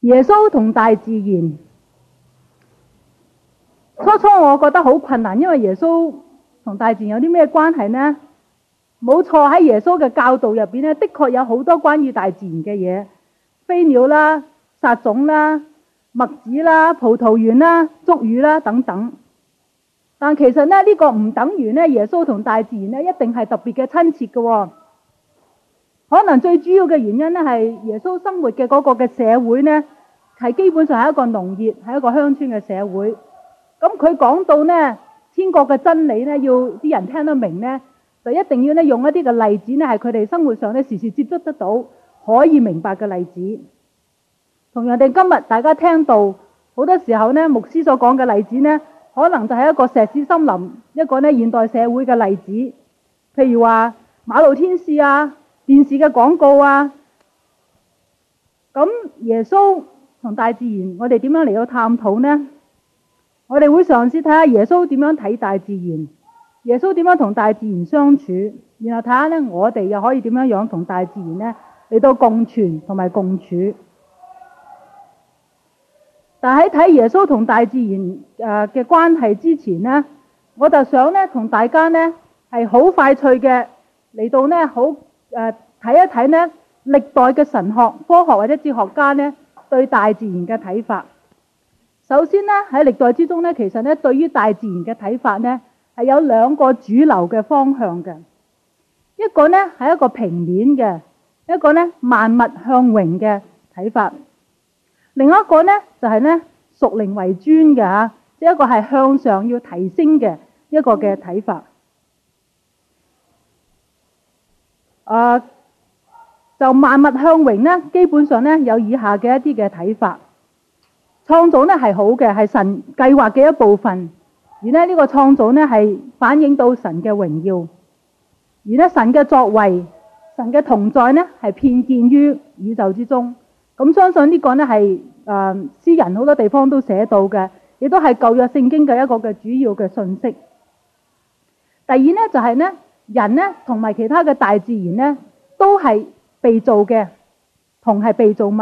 耶穌同大自然，初初我覺得好困難，因為耶穌同大自然有啲咩關係呢？冇錯，喺耶穌嘅教導入邊呢，的確有好多關於大自然嘅嘢，飛鳥啦、撒種啦、麥子啦、葡萄園啦、捉魚啦，魚啦等等。但其實呢，呢、這個唔等於呢耶穌同大自然一定係特別嘅親切嘅、哦。可能最主要嘅原因咧，係耶穌生活嘅嗰個嘅社會呢，係基本上係一個農業，係一個鄉村嘅社會。咁佢講到呢天國嘅真理呢，要啲人聽得明呢，就一定要呢用一啲嘅例子呢，係佢哋生活上呢時時接觸得到可以明白嘅例子。同樣哋今日大家聽到好多時候呢牧師所講嘅例子呢，可能就係一個石屎森林，一個呢現代社會嘅例子，譬如話馬路天使啊。電視嘅廣告啊，咁耶穌同大自然，我哋點樣嚟到探討呢？我哋會嘗試睇下耶穌點樣睇大自然，耶穌點樣同大自然相處，然後睇下呢，我哋又可以點樣樣同大自然呢嚟到共存同埋共處。但喺睇耶穌同大自然誒嘅關係之前呢，我就想呢，同大家呢係好快脆嘅嚟到呢好。誒，睇一睇咧，歷代嘅神學、科學或者哲學家咧，對大自然嘅睇法。首先咧，喺歷代之中咧，其實咧，對於大自然嘅睇法咧，係有兩個主流嘅方向嘅。一個咧係一個平面嘅，一個咧萬物向榮嘅睇法。另一個咧就係咧，屬靈為尊嘅吓，即一個係向上要提升嘅一個嘅睇法。啊！Uh, 就萬物向榮咧，基本上咧有以下嘅一啲嘅睇法。創造咧係好嘅，係神計劃嘅一部分。而呢呢、這個創造咧係反映到神嘅榮耀。而咧神嘅作為、神嘅同在咧係遍見於宇宙之中。咁、嗯、相信呢個咧係啊詩人好多地方都寫到嘅，亦都係舊約聖經嘅一個嘅主要嘅信息。第二咧就係、是、咧。人咧同埋其他嘅大自然咧，都係被造嘅，同係被造物。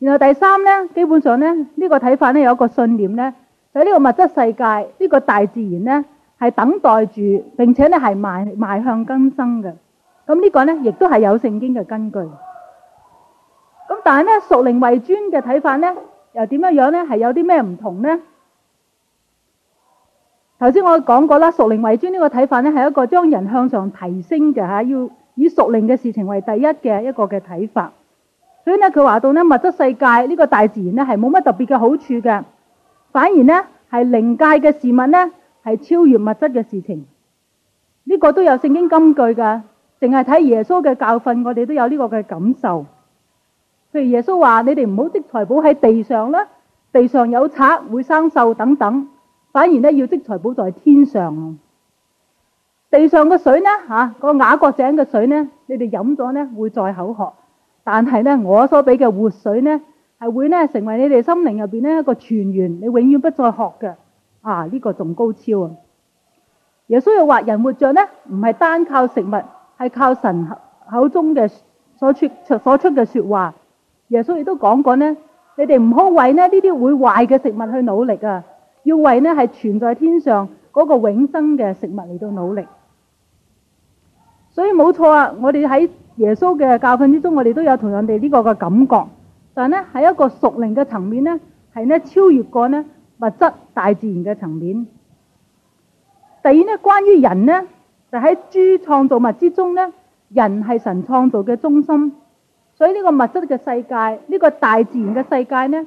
然後第三咧，基本上咧呢個睇法咧有一個信念咧，就係呢個物質世界呢個大自然咧係等待住並且咧係邁邁向更新嘅。咁呢個咧亦都係有聖經嘅根據。咁但係咧，屬靈為尊嘅睇法咧又點樣樣咧？係有啲咩唔同咧？頭先我講過啦，屬靈為尊呢個睇法咧，係一個將人向上提升嘅吓，要以屬靈嘅事情為第一嘅一個嘅睇法。所以咧，佢話到咧物質世界呢個大自然咧係冇乜特別嘅好處嘅，反而咧係靈界嘅事物咧係超越物質嘅事情。呢個都有聖經根據噶，淨係睇耶穌嘅教訓，我哋都有呢個嘅感受。譬如耶穌話，你哋唔好積財寶喺地上啦，地上有賊會生銹等等。反而咧要積財寶在天上，地上嘅水呢？嚇，個雅各井嘅水呢？你哋飲咗呢會再口渴，但係呢我所俾嘅活水呢係會呢成為你哋心靈入邊呢一個泉源，你永遠不再渴嘅。啊，呢個仲高超啊！耶穌又話：人活著呢唔係單靠食物，係靠神口中嘅所出所出嘅説話。耶穌亦都講過呢，你哋唔好為呢呢啲會壞嘅食物去努力啊！要為呢係存在天上嗰個永生嘅食物嚟到努力，所以冇錯啊！我哋喺耶穌嘅教訓之中，我哋都有同樣哋呢個嘅感覺，但係呢，喺一個熟靈嘅層面呢，係呢超越過呢物質大自然嘅層面。第二呢，關於人呢，就喺諸創造物之中呢，人係神創造嘅中心，所以呢個物質嘅世界，呢個大自然嘅世界呢。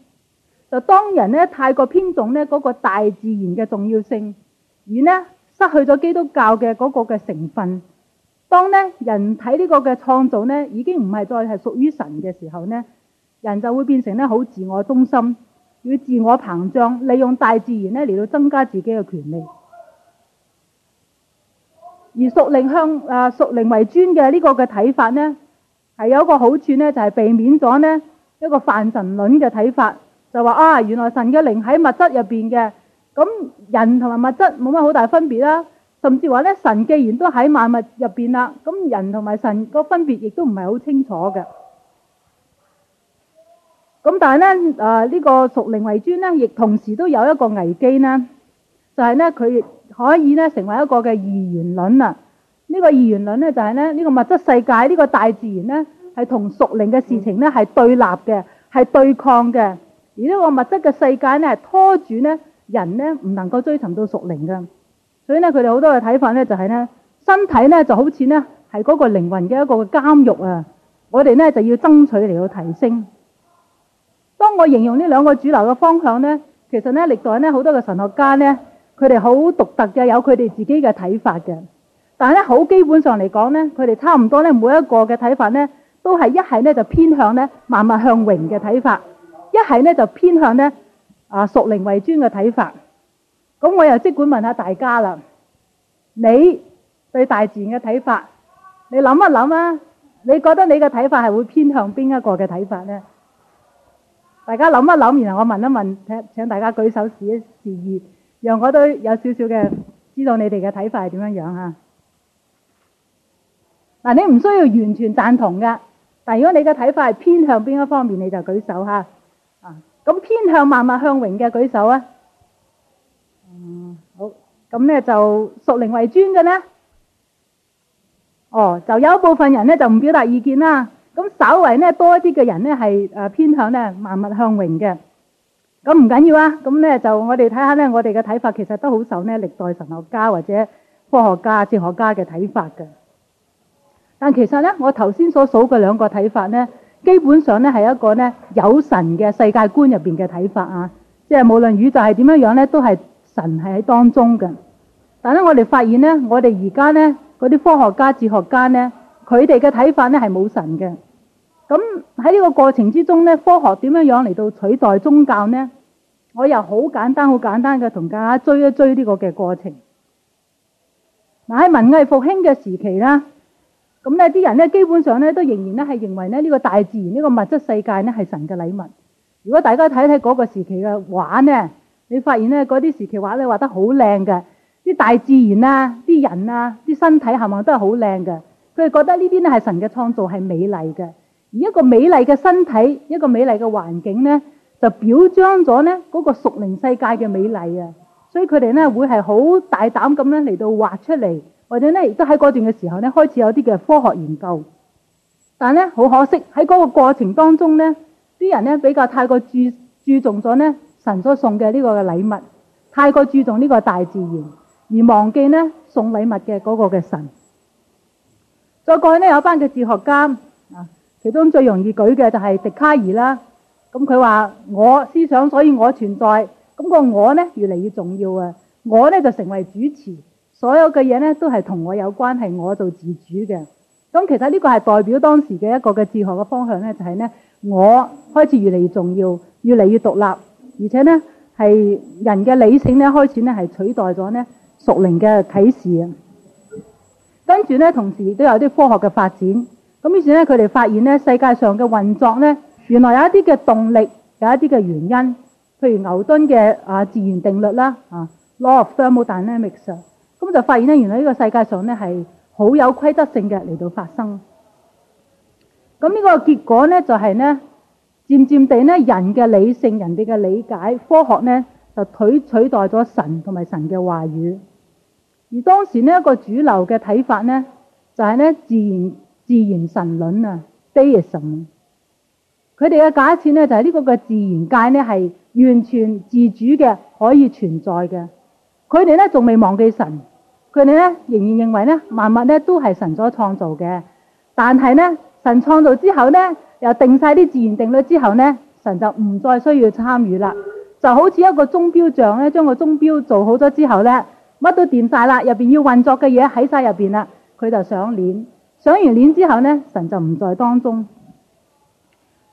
就當人咧，太過偏重咧嗰個大自然嘅重要性，而咧失去咗基督教嘅嗰個嘅成分。當咧人睇呢個嘅創造咧已經唔係再係屬於神嘅時候咧，人就會變成咧好自我中心，要自我膨脹，利用大自然咧嚟到增加自己嘅權力。而屬靈向啊，屬靈為尊嘅呢個嘅睇法咧，係有一個好處咧，就係避免咗呢一個泛神論嘅睇法。就話啊，原來神嘅靈喺物質入邊嘅，咁人同埋物質冇乜好大分別啦。甚至話咧，神既然都喺萬物入邊啦，咁人同埋神個分別亦都唔係好清楚嘅。咁但係咧，誒呢個屬靈為尊咧，亦同時都有一個危機咧，就係咧佢可以咧成為一個嘅二元論啊。呢個二元論咧就係咧呢個物質世界呢個大自然咧係同屬靈嘅事情咧係對立嘅，係對抗嘅。而呢個物質嘅世界咧，拖住咧人咧，唔能夠追尋到屬靈嘅。所以咧，佢哋好多嘅睇法咧，就係咧身體咧就好似咧係嗰個靈魂嘅一個監獄啊！我哋咧就要爭取嚟到提升。當我形容呢兩個主流嘅方向咧，其實咧歷代咧好多嘅神學家咧，佢哋好獨特嘅，有佢哋自己嘅睇法嘅。但係咧，好基本上嚟講咧，佢哋差唔多咧每一個嘅睇法咧，都係一係咧就偏向咧萬物向榮嘅睇法。一係咧就偏向咧啊，屬靈為尊嘅睇法。咁我又即管問下大家啦，你對大自然嘅睇法，你諗一諗啊，你覺得你嘅睇法係會偏向邊一個嘅睇法咧？大家諗一諗，然後我問一問，請大家舉手示一示意，讓我都有少少嘅知道你哋嘅睇法係點樣樣吓。嗱、啊，你唔需要完全贊同噶，但如果你嘅睇法係偏向邊一方面，你就舉手吓。咁偏向萬物向榮嘅舉手啊！嗯，好。咁咧就屬靈為尊嘅咧，哦，就有一部分人咧就唔表達意見啦。咁稍為咧多一啲嘅人咧係誒偏向咧萬物向榮嘅。咁唔緊要啊！咁咧就我哋睇下咧，我哋嘅睇法其實都好受咧歷代神學家或者科學家、哲學家嘅睇法嘅。但其實咧，我頭先所數嘅兩個睇法咧，基本上咧係一個咧有神嘅世界觀入邊嘅睇法啊，即係無論宇宙係點樣樣咧，都係神係喺當中嘅。但係咧，我哋發現咧，我哋而家咧嗰啲科學家、哲學家咧，佢哋嘅睇法咧係冇神嘅。咁喺呢個過程之中咧，科學點樣樣嚟到取代宗教咧？我又好簡單、好簡單嘅同大家追一追呢個嘅過程。嗱喺文藝復興嘅時期啦。咁咧，啲人咧，基本上咧，都仍然咧係認為咧，呢個大自然、呢個物質世界咧係神嘅禮物。如果大家睇睇嗰個時期嘅畫咧，你發現咧嗰啲時期畫咧畫得好靚嘅，啲大自然啊，啲人啊，啲身體係咪都係好靚嘅？佢哋覺得呢啲咧係神嘅創造，係美麗嘅。而一個美麗嘅身體，一個美麗嘅環境咧，就表彰咗咧嗰個屬靈世界嘅美麗啊！所以佢哋咧會係好大膽咁樣嚟到畫出嚟。或者咧，亦都喺嗰段嘅時候咧，開始有啲嘅科學研究，但咧好可惜喺嗰個過程當中咧，啲人咧比較太過注注重咗咧神所送嘅呢個禮物，太過注重呢個大自然，而忘記咧送禮物嘅嗰個嘅神。再過去咧有一班嘅哲學家啊，其中最容易舉嘅就係笛卡爾啦。咁佢話：我思想，所以我存在。咁個我咧越嚟越重要啊！我咧就成為主持。所有嘅嘢咧都係同我有關係，我做自主嘅。咁其實呢個係代表當時嘅一個嘅哲學嘅方向咧，就係咧我開始越嚟越重要，越嚟越獨立，而且咧係人嘅理性咧開始咧係取代咗咧屬靈嘅啟示。跟住咧，同時亦都有啲科學嘅發展。咁於是咧，佢哋發現咧世界上嘅運作咧原來有一啲嘅動力，有一啲嘅原因，譬如牛頓嘅啊自然定律啦啊，law of thermodynamics。咁就發現咧，原來呢個世界上咧係好有規則性嘅嚟到發生。咁呢個結果咧就係咧，漸漸地咧，人嘅理性、人哋嘅理解、科學咧就取取代咗神同埋神嘅話語。而當時呢一個主流嘅睇法咧，就係、是、咧自然自然神論啊，Deism。佢哋嘅假設咧就係、是、呢個嘅自然界咧係完全自主嘅，可以存在嘅。佢哋咧仲未忘記神。佢哋咧仍然認為咧，萬物咧都係神所創造嘅。但係咧，神創造之後咧，又定晒啲自然定律之後咧，神就唔再需要參與啦。就好似一個鐘錶匠咧，將個鐘錶做好咗之後咧，乜都掂晒啦，入面要運作嘅嘢喺晒入面啦，佢就上鏈。上完鏈之後咧，神就唔在當中。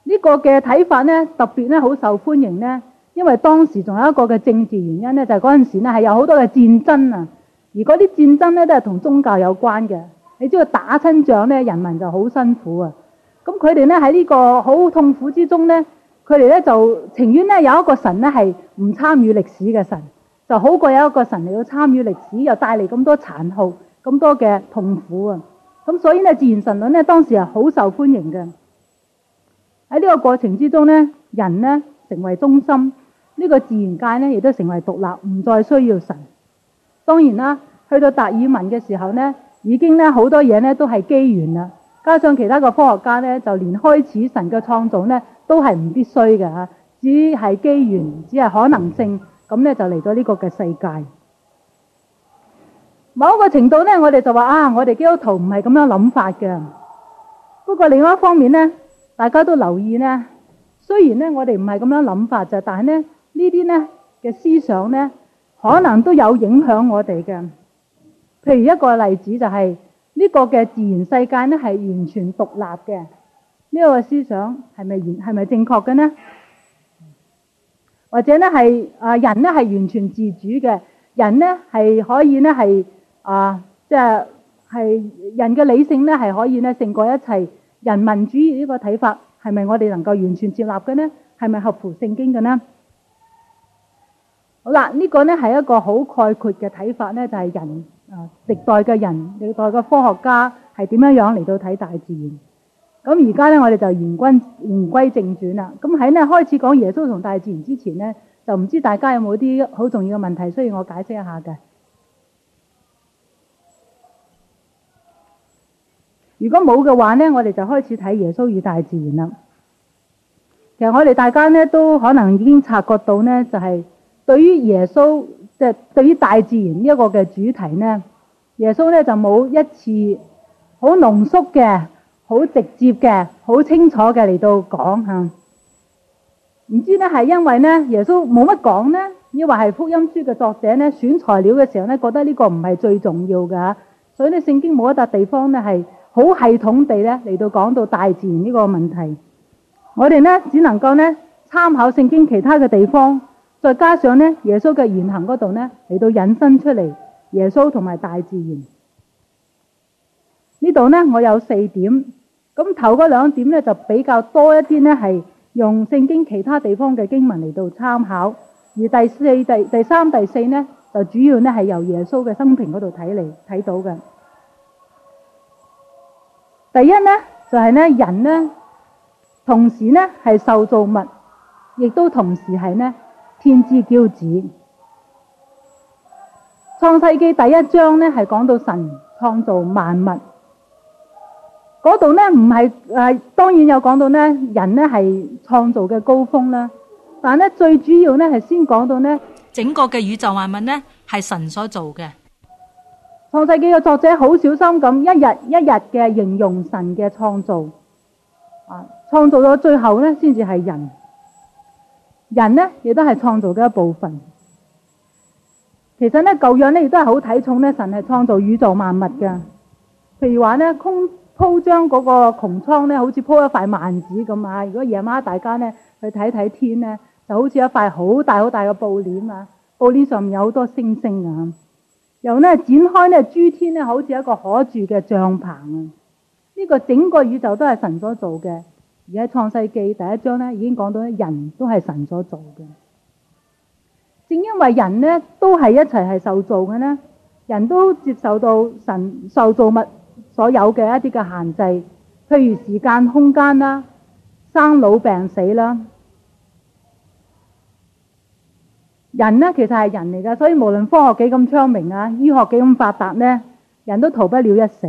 這個、呢個嘅睇法咧，特別咧好受歡迎咧，因為當時仲有一個嘅政治原因咧，就係嗰陣時咧係有好多嘅戰爭啊。而嗰啲戰爭咧都係同宗教有關嘅，你知道打親仗咧，人民就好辛苦啊。咁佢哋咧喺呢個好痛苦之中咧，佢哋咧就情願咧有一個神咧係唔參與歷史嘅神，就好過有一個神嚟到參與歷史，又帶嚟咁多殘酷、咁多嘅痛苦啊。咁所以咧自然神論咧當時係好受歡迎嘅。喺呢個過程之中咧，人咧成為中心，呢、呢個自然界咧亦都成為獨立，唔再需要神。當然啦，去到達爾文嘅時候咧，已經咧好多嘢咧都係機緣啦。加上其他個科學家咧，就連開始神嘅創造咧，都係唔必須嘅吓，只係機緣，只係可能性。咁咧就嚟咗呢個嘅世界。某一個程度咧，我哋就話啊，我哋基督徒唔係咁樣諗法嘅。不過另外一方面咧，大家都留意咧，雖然咧我哋唔係咁樣諗法啫，但係咧呢啲咧嘅思想咧。可能都有影響我哋嘅，譬如一個例子就係呢個嘅自然世界咧，係完全獨立嘅。呢個思想係咪完係咪正確嘅咧？或者咧係啊人咧係完全自主嘅，人咧係可以咧係啊即係係人嘅理性咧係可以咧勝過一切人民主義呢個睇法，係咪我哋能夠完全接納嘅咧？係咪合乎聖經嘅咧？好啦，呢、呢個咧係一個好概括嘅睇法咧，就係人啊，歷代嘅人，歷代嘅科學家係點樣樣嚟到睇大自然。咁而家咧，我哋就言君言歸正傳啦。咁喺咧開始講耶穌同大自然之前咧，就唔知大家有冇啲好重要嘅問題需要我解釋一下嘅？如果冇嘅話咧，我哋就開始睇耶穌與大自然啦。其實我哋大家咧都可能已經察覺到咧，就係、係。對於耶穌即係對於大自然呢一個嘅主題呢，耶穌呢就冇一次好濃縮嘅、好直接嘅、好清楚嘅嚟到講吓。唔知呢係因為呢耶穌冇乜講呢，抑或係福音書嘅作者呢選材料嘅時候呢覺得呢個唔係最重要㗎，所以呢聖經冇一笪地方呢係好系統地呢嚟到講到大自然呢個問題。我哋呢只能夠呢參考聖經其他嘅地方。再加上咧，耶穌嘅言行嗰度咧嚟到引申出嚟，耶穌同埋大自然呢度咧，我有四點，咁頭嗰兩點咧就比較多一啲咧，係用聖經其他地方嘅經文嚟到參考，而第四、第第三、第四咧就主要咧係由耶穌嘅生平嗰度睇嚟睇到嘅。第一咧就係、是、咧人咧，同時咧係受造物，亦都同時係咧，天之驕子，《創世記》第一章咧係講到神創造萬物，嗰度咧唔係誒，當然有講到咧人咧係創造嘅高峰啦，但係咧最主要咧係先講到咧整個嘅宇宙萬物咧係神所做嘅，《創世記》嘅作者好小心咁，一日一日嘅形容神嘅創造，啊，創造咗最後咧先至係人。人呢，亦都係創造嘅一部分。其實呢，舊約呢，亦都係好睇重呢，神係創造宇宙萬物㗎。譬如話呢，鋪鋪張嗰個穹蒼呢，好似鋪一塊幔子咁啊！如果夜晚大家呢去睇睇天呢，就好似一塊好大好大嘅布簾啊！布簾上面有好多星星啊！又呢，展開呢，諸天呢，好似一個可住嘅帳棚啊！呢個整個宇宙都係神所造嘅。而喺創世記第一章咧，已經講到人都係神所造嘅。正因為人咧都係一齊係受造嘅咧，人都接受到神受造物所有嘅一啲嘅限制，譬如時間、空間啦，生老病死啦。人咧其實係人嚟噶，所以無論科學幾咁昌明啊，醫學幾咁發達咧，人都逃不了一死。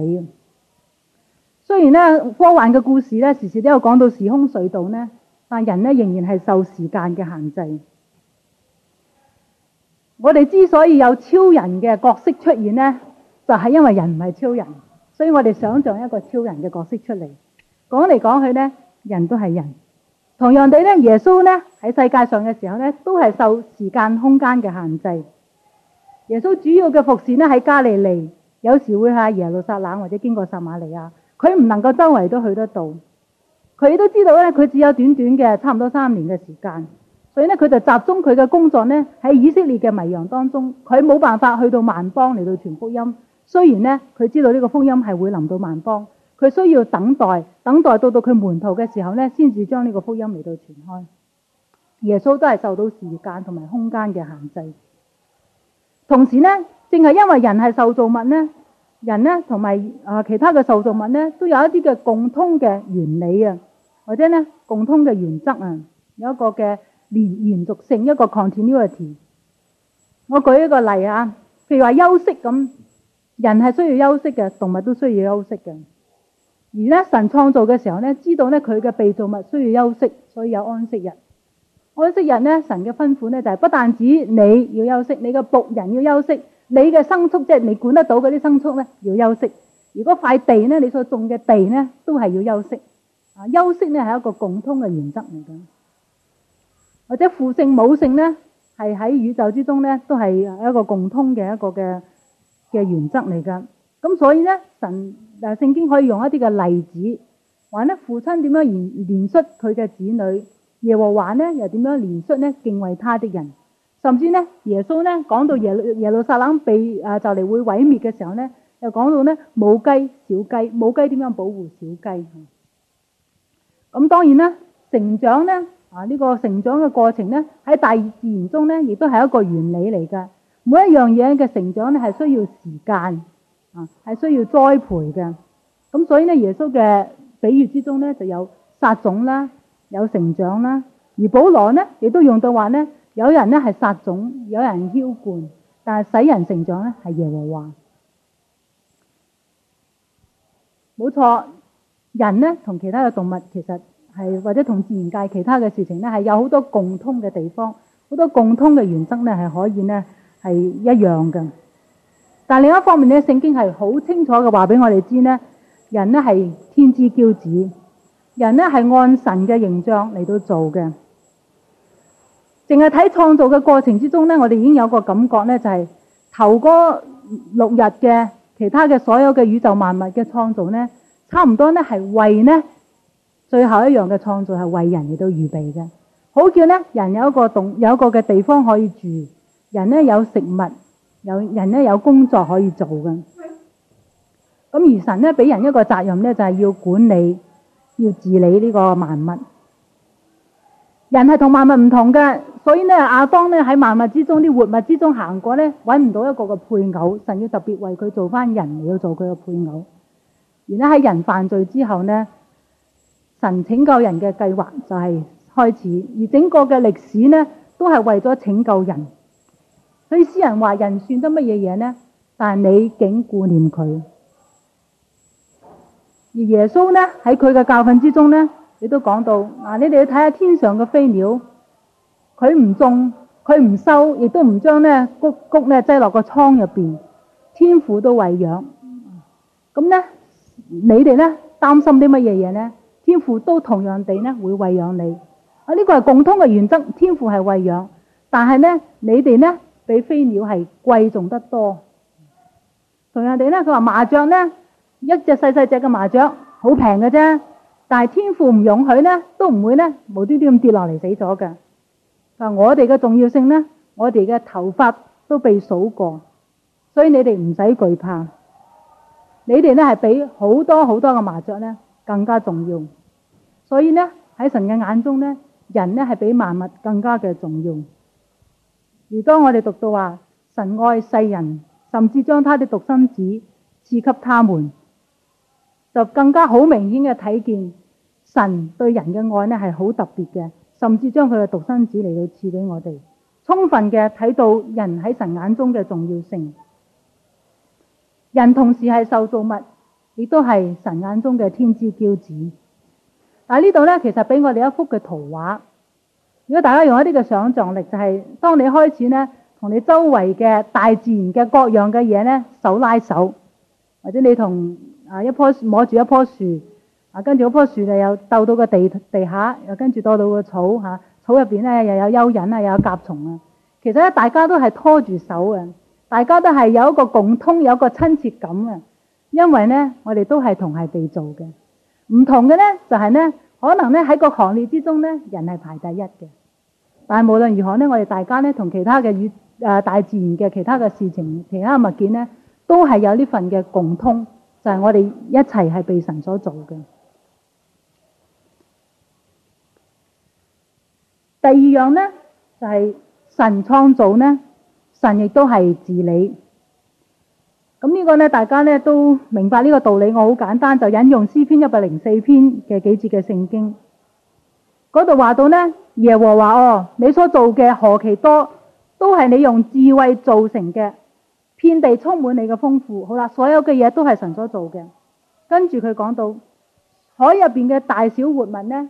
雖然咧科幻嘅故事咧時時都有講到時空隧道咧，但人咧仍然係受時間嘅限制。我哋之所以有超人嘅角色出現咧，就係因為人唔係超人，所以我哋想象一個超人嘅角色出嚟。講嚟講去咧，人都係人。同樣地咧，耶穌咧喺世界上嘅時候咧，都係受時間空間嘅限制。耶穌主要嘅服侍咧喺加利利，有時會喺耶路撒冷或者經過撒瑪利亞。佢唔能夠周圍都去得到，佢都知道咧，佢只有短短嘅差唔多三年嘅時間，所以咧佢就集中佢嘅工作咧喺以色列嘅迷羊當中，佢冇辦法去到萬邦嚟到傳福音。雖然咧佢知道呢個福音係會臨到萬邦，佢需要等待，等待到到佢門徒嘅時候咧，先至將呢個福音嚟到傳開。耶穌都係受到時間同埋空間嘅限制，同時咧正係因為人係受造物咧。人咧同埋啊其他嘅受造物咧，都有一啲嘅共通嘅原理啊，或者咧共通嘅原則啊，有一個嘅連延續性，一個 continuity。我舉一個例啊，譬如話休息咁，人係需要休息嘅，動物都需要休息嘅。而咧神創造嘅時候咧，知道咧佢嘅被造物需要休息，所以有安息日。安息日咧，神嘅吩咐咧就係不但止你要休息，你嘅僕人要休息。你嘅牲畜即係、就是、你管得到嗰啲牲畜咧，要休息；如果塊地咧，你所種嘅地咧，都係要休息。啊，休息咧係一個共通嘅原則嚟嘅，或者父性母性咧，係喺宇宙之中咧，都係一個共通嘅一個嘅嘅原則嚟噶。咁所以咧，神啊，聖經可以用一啲嘅例子，話咧父親點樣連連恤佢嘅子女，耶和華咧又點樣連恤咧敬畏他的人。甚至咧，耶穌咧講到耶路耶路撒冷被就嚟、啊、會毀滅嘅時候咧，又講到咧母雞小雞，母雞點樣保護小雞？咁、嗯、當然啦，成長咧啊呢、這個成長嘅過程咧喺大自然中咧，亦都係一個原理嚟㗎。每一樣嘢嘅成長咧係需要時間啊，係需要栽培嘅。咁、嗯、所以咧，耶穌嘅比喻之中咧就有撒種啦，有成長啦。而保羅咧亦都用到話咧。有人咧係栽種，有人澆灌，但係使人成長咧係耶和華。冇錯，人咧同其他嘅動物其實係或者同自然界其他嘅事情咧係有好多共通嘅地方，好多共通嘅原則咧係可以咧係一樣嘅。但另一方面咧，聖經係好清楚嘅話俾我哋知咧，人咧係天之驕子，人咧係按神嘅形象嚟,到做嘅。淨係睇創造嘅過程之中咧，我哋已經有個感覺咧、就是，就係頭嗰六日嘅其他嘅所有嘅宇宙萬物嘅創造咧，差唔多咧係為咧最後一樣嘅創造係為人嚟到預備嘅，好叫咧人有一個有一個嘅地方可以住，人咧有食物，有人咧有工作可以做嘅。咁而神咧俾人一個責任咧，就係要管理要治理呢個萬物。人係同萬物唔同嘅。所以呢，阿當呢喺萬物之中，啲活物之中行過呢，揾唔到一個嘅配偶，神要特別為佢做翻人要做佢嘅配偶。而喺喺人犯罪之後呢，神拯救人嘅計劃就係開始，而整個嘅歷史呢，都係為咗拯救人。所以詩人話：人算得乜嘢嘢呢？但係你竟顧念佢。而耶穌呢喺佢嘅教訓之中呢，亦都講到：嗱，你哋要睇下天上嘅飛鳥。佢唔種，佢唔收，亦都唔將咧穀穀咧擠落個倉入面。天父都餵養咁咧，你哋咧擔心啲乜嘢嘢咧？天父都同樣地咧會餵養你啊！呢個係共通嘅原則，天父係餵養，但係咧你哋咧比飛鳥係貴重得多。同樣地咧，佢話麻雀咧一隻細細隻嘅麻雀好平嘅啫，但係天父唔容許咧，都唔會咧無端端咁跌落嚟死咗㗎。但我哋嘅重要性咧，我哋嘅頭髮都被數過，所以你哋唔使懼怕。你哋咧係比好多好多嘅麻雀咧更加重要，所以咧喺神嘅眼中咧，人咧係比萬物更加嘅重要。而當我哋讀到話神愛世人，甚至將他的獨生子賜給他們，就更加好明顯嘅睇見神對人嘅愛咧係好特別嘅。甚至將佢嘅獨生子嚟到賜俾我哋，充分嘅睇到人喺神眼中嘅重要性。人同時係受造物，亦都係神眼中嘅天之驕子。但係呢度咧，其實俾我哋一幅嘅圖畫。如果大家用一啲嘅想像力，就係當你開始咧，同你周圍嘅大自然嘅各樣嘅嘢咧，手拉手，或者你同啊一棵摸住一棵樹。啊，跟住嗰棵樹又鬥到個地地下，又跟住鬥到個草吓，草入邊咧又有蚯蚓啊，又有甲蟲啊。其實咧，大家都係拖住手嘅，大家都係有一個共通，有一個親切感嘅。因為咧，我哋都係同係被造嘅，唔同嘅咧就係、是、咧，可能咧喺個行列之中咧，人係排第一嘅。但係無論如何咧，我哋大家咧同其他嘅與誒大自然嘅其他嘅事情、其他物件咧，都係有呢份嘅共通，就係、是、我哋一齊係被神所做嘅。第二樣咧就係、是、神創造咧，神亦都係治理。咁、這個、呢個咧，大家咧都明白呢個道理。我好簡單就引用詩篇一百零四篇嘅幾節嘅聖經，嗰度話到咧，耶和華哦，你所做嘅何其多，都係你用智慧造成嘅，遍地充滿你嘅豐富。好啦，所有嘅嘢都係神所做嘅。跟住佢講到海入邊嘅大小活物咧。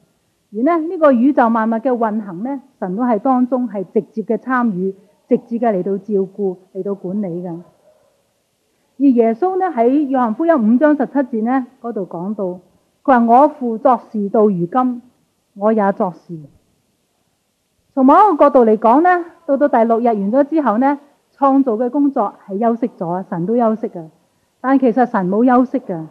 而呢呢、這個宇宙萬物嘅運行咧，神都係當中係直接嘅參與，直接嘅嚟到照顧嚟到管理嘅。而耶穌咧喺約翰福音五章十七節咧嗰度講到，佢話，我父作事到如今，我也作事。從某一個角度嚟講咧，到到第六日完咗之後咧，創造嘅工作係休息咗，神都休息嘅。但其實神冇休息嘅，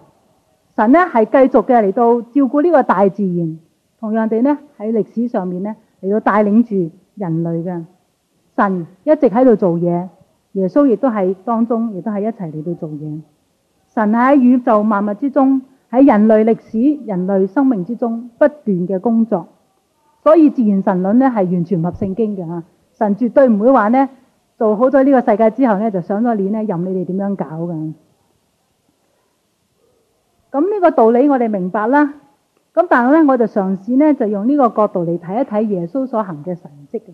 神咧係繼續嘅嚟到照顧呢個大自然。同樣地咧，喺歷史上面咧嚟到帶領住人類嘅神一直喺度做嘢，耶穌亦都喺當中，亦都係一齊嚟到做嘢。神喺宇宙萬物之中，喺人類歷史、人類生命之中不斷嘅工作。所以自然神論咧係完全合聖經嘅，吓，神絕對唔會話咧做好咗呢個世界之後咧就上咗鏈咧任你哋點樣搞噶。咁呢個道理我哋明白啦。咁但係咧，我就嘗試咧，就用呢個角度嚟睇一睇耶穌所行嘅神蹟嘅。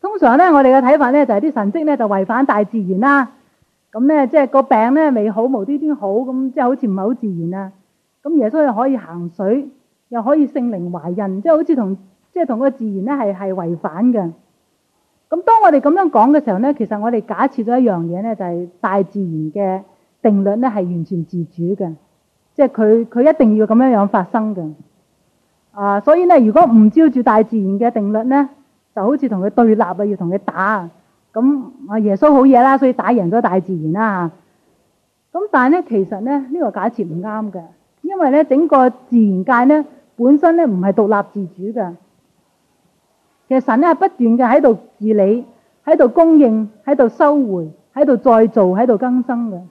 通常咧，我哋嘅睇法咧就係啲神蹟咧就違反大自然啦。咁咧即係個病咧未好，無端端好咁，即係好似唔係好自然啊。咁耶穌又可以行水，又可以聖靈懷孕，即係好似同即係同個自然咧係係違反嘅。咁當我哋咁樣講嘅時候咧，其實我哋假設咗一樣嘢咧，就係大自然嘅定律咧係完全自主嘅。即係佢，佢一定要咁樣樣發生嘅啊！所以咧，如果唔照住大自然嘅定律咧，就好似同佢對立啊，要同佢打咁啊、嗯。耶穌好嘢啦，所以打贏咗大自然啦、啊、吓。咁但係咧，其實咧呢、呢個假設唔啱嘅，因為咧整個自然界咧本身咧唔係獨立自主嘅。其實神咧係不斷嘅喺度治理、喺度供應、喺度收回、喺度再造，喺度更新嘅。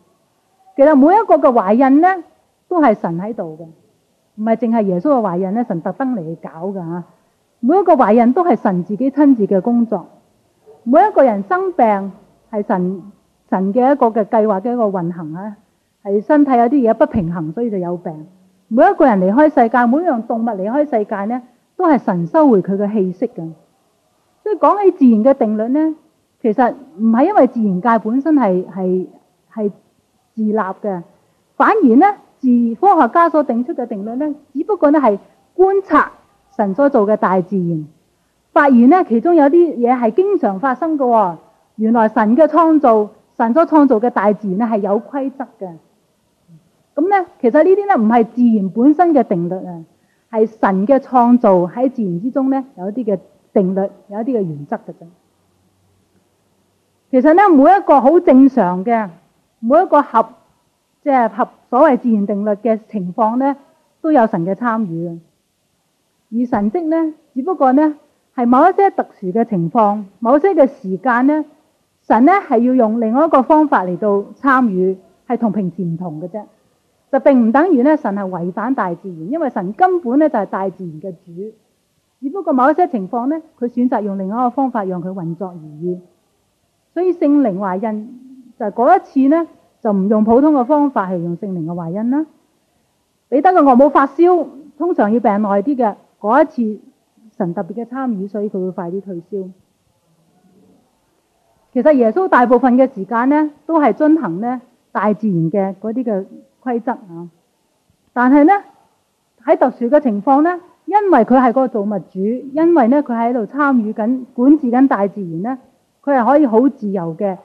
其實每一個嘅懷孕咧，都係神喺度嘅，唔係淨係耶穌嘅懷孕咧，神特登嚟搞㗎吓。每一個懷孕都係神自己親自嘅工作。每一個人生病係神神嘅一個嘅計劃嘅一個運行啊，係身體有啲嘢不平衡，所以就有病。每一個人離開世界，每一樣動物離開世界咧，都係神收回佢嘅氣息嘅。即係講起自然嘅定律咧，其實唔係因為自然界本身係係係自立嘅，反而咧。自科學家所定出嘅定律咧，只不過咧係觀察神所做嘅大自然，發現咧其中有啲嘢係經常發生嘅。原來神嘅創造，神所創造嘅大自然咧係有規則嘅。咁咧，其實呢啲咧唔係自然本身嘅定律啊，係神嘅創造喺自然之中咧有一啲嘅定律，有一啲嘅原則嘅啫。其實咧，每一個好正常嘅每一個合即係合。所謂自然定律嘅情況咧，都有神嘅參與。而神蹟咧，只不過咧係某一些特殊嘅情況，某一些嘅時間咧，神咧係要用另外一個方法嚟到參與，係同平時唔同嘅啫。就並唔等於咧神係違反大自然，因為神根本咧就係大自然嘅主。只不過某一些情況咧，佢選擇用另外一個方法讓佢運作而已。所以聖靈懷孕就係嗰一次咧。就唔用普通嘅方法，係用聖靈嘅懷孕啦。彼得嘅岳母發燒，通常要病耐啲嘅，嗰一次神特別嘅參與，所以佢會快啲退燒。其實耶穌大部分嘅時間咧，都係遵行咧大自然嘅嗰啲嘅規則啊。但係咧喺特殊嘅情況咧，因為佢係個造物主，因為咧佢喺度參與緊、管治緊大自然咧，佢係可以好自由嘅。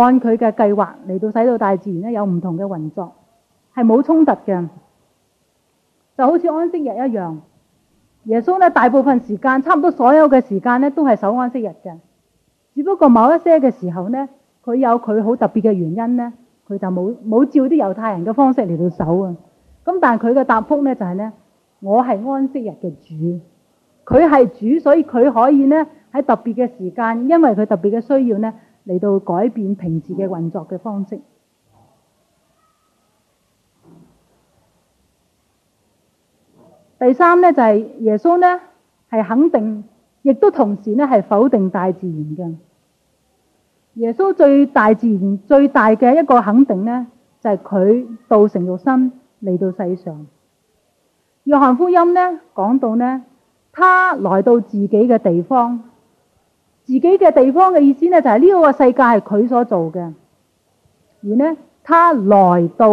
按佢嘅計劃嚟到使到大自然咧有唔同嘅運作，係冇衝突嘅，就好似安息日一樣。耶穌咧大部分時間，差唔多所有嘅時間咧都係守安息日嘅，只不過某一些嘅時候咧，佢有佢好特別嘅原因咧，佢就冇冇照啲猶太人嘅方式嚟到守啊。咁但係佢嘅答覆咧就係咧，我係安息日嘅主，佢係主，所以佢可以咧喺特別嘅時間，因為佢特別嘅需要咧。嚟到改變平時嘅運作嘅方式。第三咧就係、是、耶穌咧係肯定，亦都同時咧係否定大自然嘅。耶穌最大自然最大嘅一個肯定咧，就係、是、佢道成肉身嚟到世上。約翰福音咧講到咧，他來到自己嘅地方。自己嘅地方嘅意思呢，就係呢個世界係佢所做嘅，而呢，他來到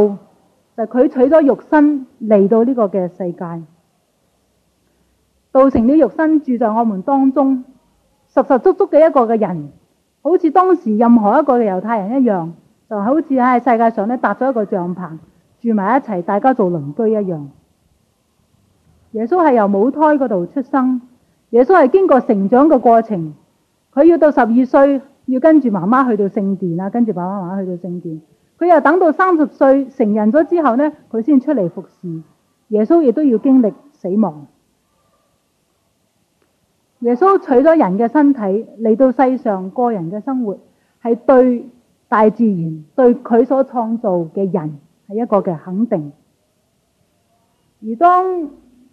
就佢、是、取咗肉身嚟到呢個嘅世界，道成了肉身住在我們當中，實實足足嘅一個嘅人，好似當時任何一個嘅猶太人一樣，就好似喺世界上搭咗一個帳篷，住埋一齊，大家做鄰居一樣。耶穌係由母胎嗰度出生，耶穌係經過成長嘅過程。佢要到十二歲，要跟住媽媽去到聖殿啦，跟住爸爸媽媽去到聖殿。佢又等到三十歲成人咗之後咧，佢先出嚟服侍，耶穌亦都要經歷死亡。耶穌取咗人嘅身體嚟到世上過人嘅生活，係對大自然、對佢所創造嘅人係一個嘅肯定。而當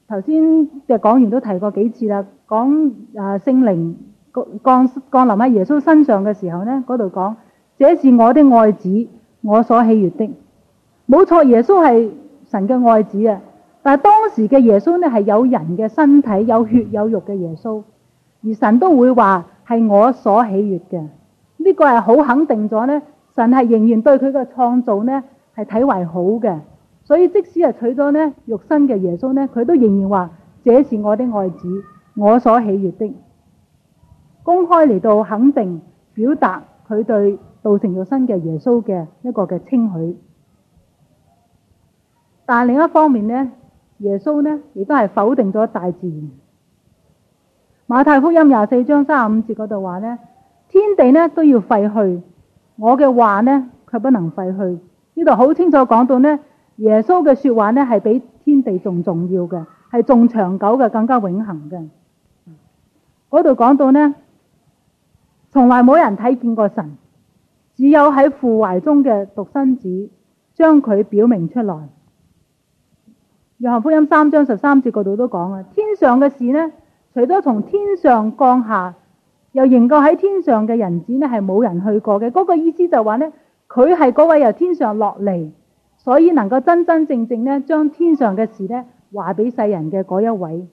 頭先嘅講完都提過幾次啦，講誒聖靈，啊降降臨喺耶穌身上嘅時候呢，嗰度講，這是我的愛子，我所喜悦的。冇錯，耶穌係神嘅愛子啊。但係當時嘅耶穌呢，係有人嘅身體，有血有肉嘅耶穌，而神都會話係我所喜悦嘅。呢個係好肯定咗呢，神係仍然對佢嘅創造呢係睇為好嘅。所以即使係取咗呢肉身嘅耶穌呢，佢都仍然話這是我的愛子，我所喜悦的。公開嚟到肯定表達佢對道成肉身嘅耶穌嘅一個嘅稱許，但另一方面呢，耶穌呢亦都係否定咗大自然。馬太福音廿四章三十五節嗰度話呢，天地呢都要廢去，我嘅話呢卻不能廢去。呢度好清楚講到呢，耶穌嘅說話呢係比天地仲重要嘅，係仲長久嘅，更加永恆嘅。嗰度講到呢。從來冇人睇見過神，只有喺父懷中嘅獨生子將佢表明出來。約翰福音三章十三節嗰度都講啦，天上嘅事呢，除咗從天上降下，又仍舊喺天上嘅人子呢，係冇人去過嘅。嗰、那個意思就話呢，佢係嗰位由天上落嚟，所以能夠真真正正咧將天上嘅事呢話俾世人嘅嗰一位。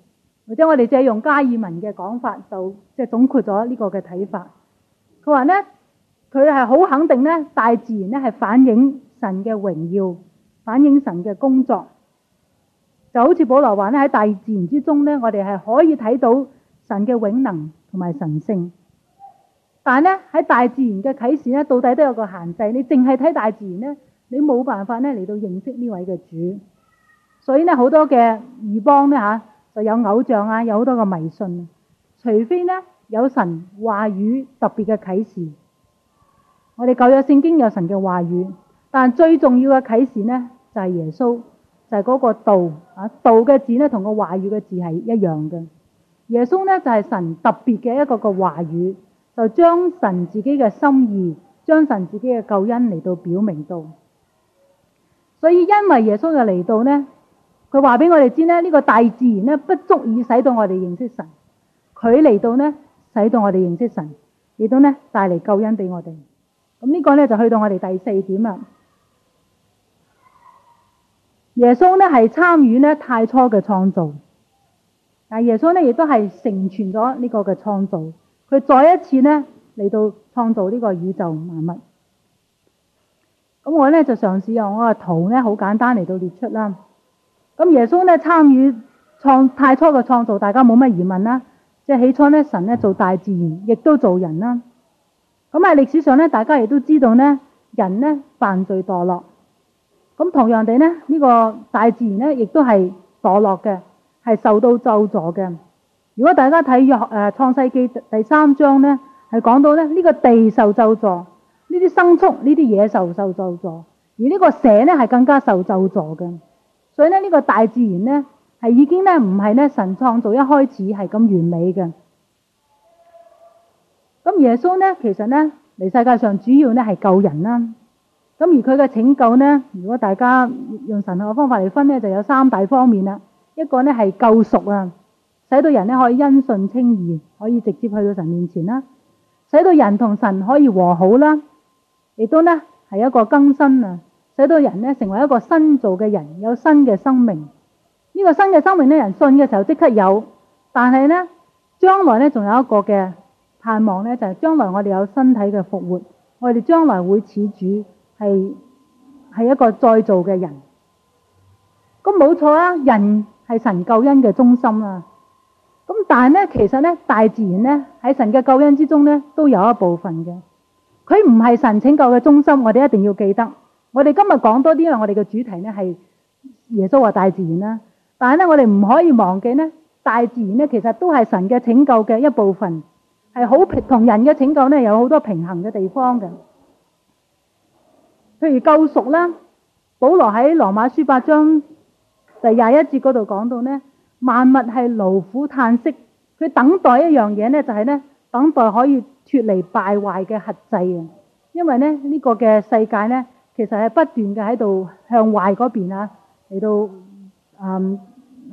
或者我哋借用加爾文嘅講法，就即係總括咗呢個嘅睇法。佢話咧，佢係好肯定咧，大自然咧係反映神嘅榮耀，反映神嘅工作，就好似保羅話咧，喺大自然之中咧，我哋係可以睇到神嘅永能同埋神性。但係咧，喺大自然嘅啟示咧，到底都有個限制。你淨係睇大自然咧，你冇辦法咧嚟到認識呢位嘅主。所以咧，好多嘅異邦咧嚇，就、啊、有偶像啊，有好多嘅迷信。除非咧。有神話語特別嘅啟示，我哋舊約聖經有神嘅話語，但最重要嘅啟示呢，就係、是、耶穌，就係、是、嗰個道啊，道嘅字呢，同個話語嘅字係一樣嘅。耶穌呢，就係、是、神特別嘅一個個話語，就將神自己嘅心意、將神自己嘅救恩嚟到表明到。所以因為耶穌嘅嚟到呢，佢話俾我哋知呢，呢、這個大自然呢，不足以使到我哋認識神，佢嚟到呢。使到我哋認識神，亦都咧帶嚟救恩俾我哋。咁、這、呢個咧就去到我哋第四點啦。耶穌咧係參與咧太初嘅創造，但耶穌咧亦都係成全咗呢個嘅創造。佢再一次咧嚟到創造呢個宇宙萬物。咁我咧就嘗試用我個圖咧好簡單嚟到列出啦。咁耶穌咧參與創太初嘅創造，大家冇乜疑問啦。即係起初咧，神咧做大自然，亦都做人啦。咁喺歷史上咧，大家亦都知道咧，人咧犯罪墮落，咁同樣地咧，呢個大自然咧，亦都係墮落嘅，係受到咒詛嘅。如果大家睇《約創世記》第三章咧，係講到咧呢個地受咒詛，呢啲牲畜、呢啲野獸受咒詛，而呢個蛇咧係更加受咒詛嘅。所以咧，呢個大自然咧。係已經咧，唔係咧神創造一開始係咁完美嘅。咁耶穌咧，其實咧嚟世界上主要咧係救人啦。咁而佢嘅拯救咧，如果大家用神學嘅方法嚟分咧，就有三大方面啦。一個咧係救贖啊，使到人咧可以因信稱義，可以直接去到神面前啦。使到人同神可以和好啦，亦都咧係一個更新啊，使到人咧成為一個新造嘅人，有新嘅生命。呢個新嘅生命咧，人信嘅時候即刻有，但係咧將來咧仲有一個嘅盼望咧，就係、是、將來我哋有身體嘅復活，我哋將來會似主係係一個再造嘅人。咁冇錯啊，人係神救恩嘅中心啊。咁但係咧，其實咧大自然咧喺神嘅救恩之中咧都有一部分嘅，佢唔係神拯救嘅中心，我哋一定要記得。我哋今日講多啲，因為我哋嘅主題咧係耶穌話大自然啦、啊。但係咧，我哋唔可以忘記咧，大自然咧其實都係神嘅拯救嘅一部分，係好同人嘅拯救咧有好多平衡嘅地方嘅。譬如救贖啦，保羅喺羅馬書八章第廿一節嗰度講到咧，萬物係勞苦嘆息，佢等待一樣嘢咧，就係咧等待可以脫離敗壞嘅轄制啊。因為咧呢個嘅世界咧，其實係不斷嘅喺度向壞嗰邊啊嚟到嗯。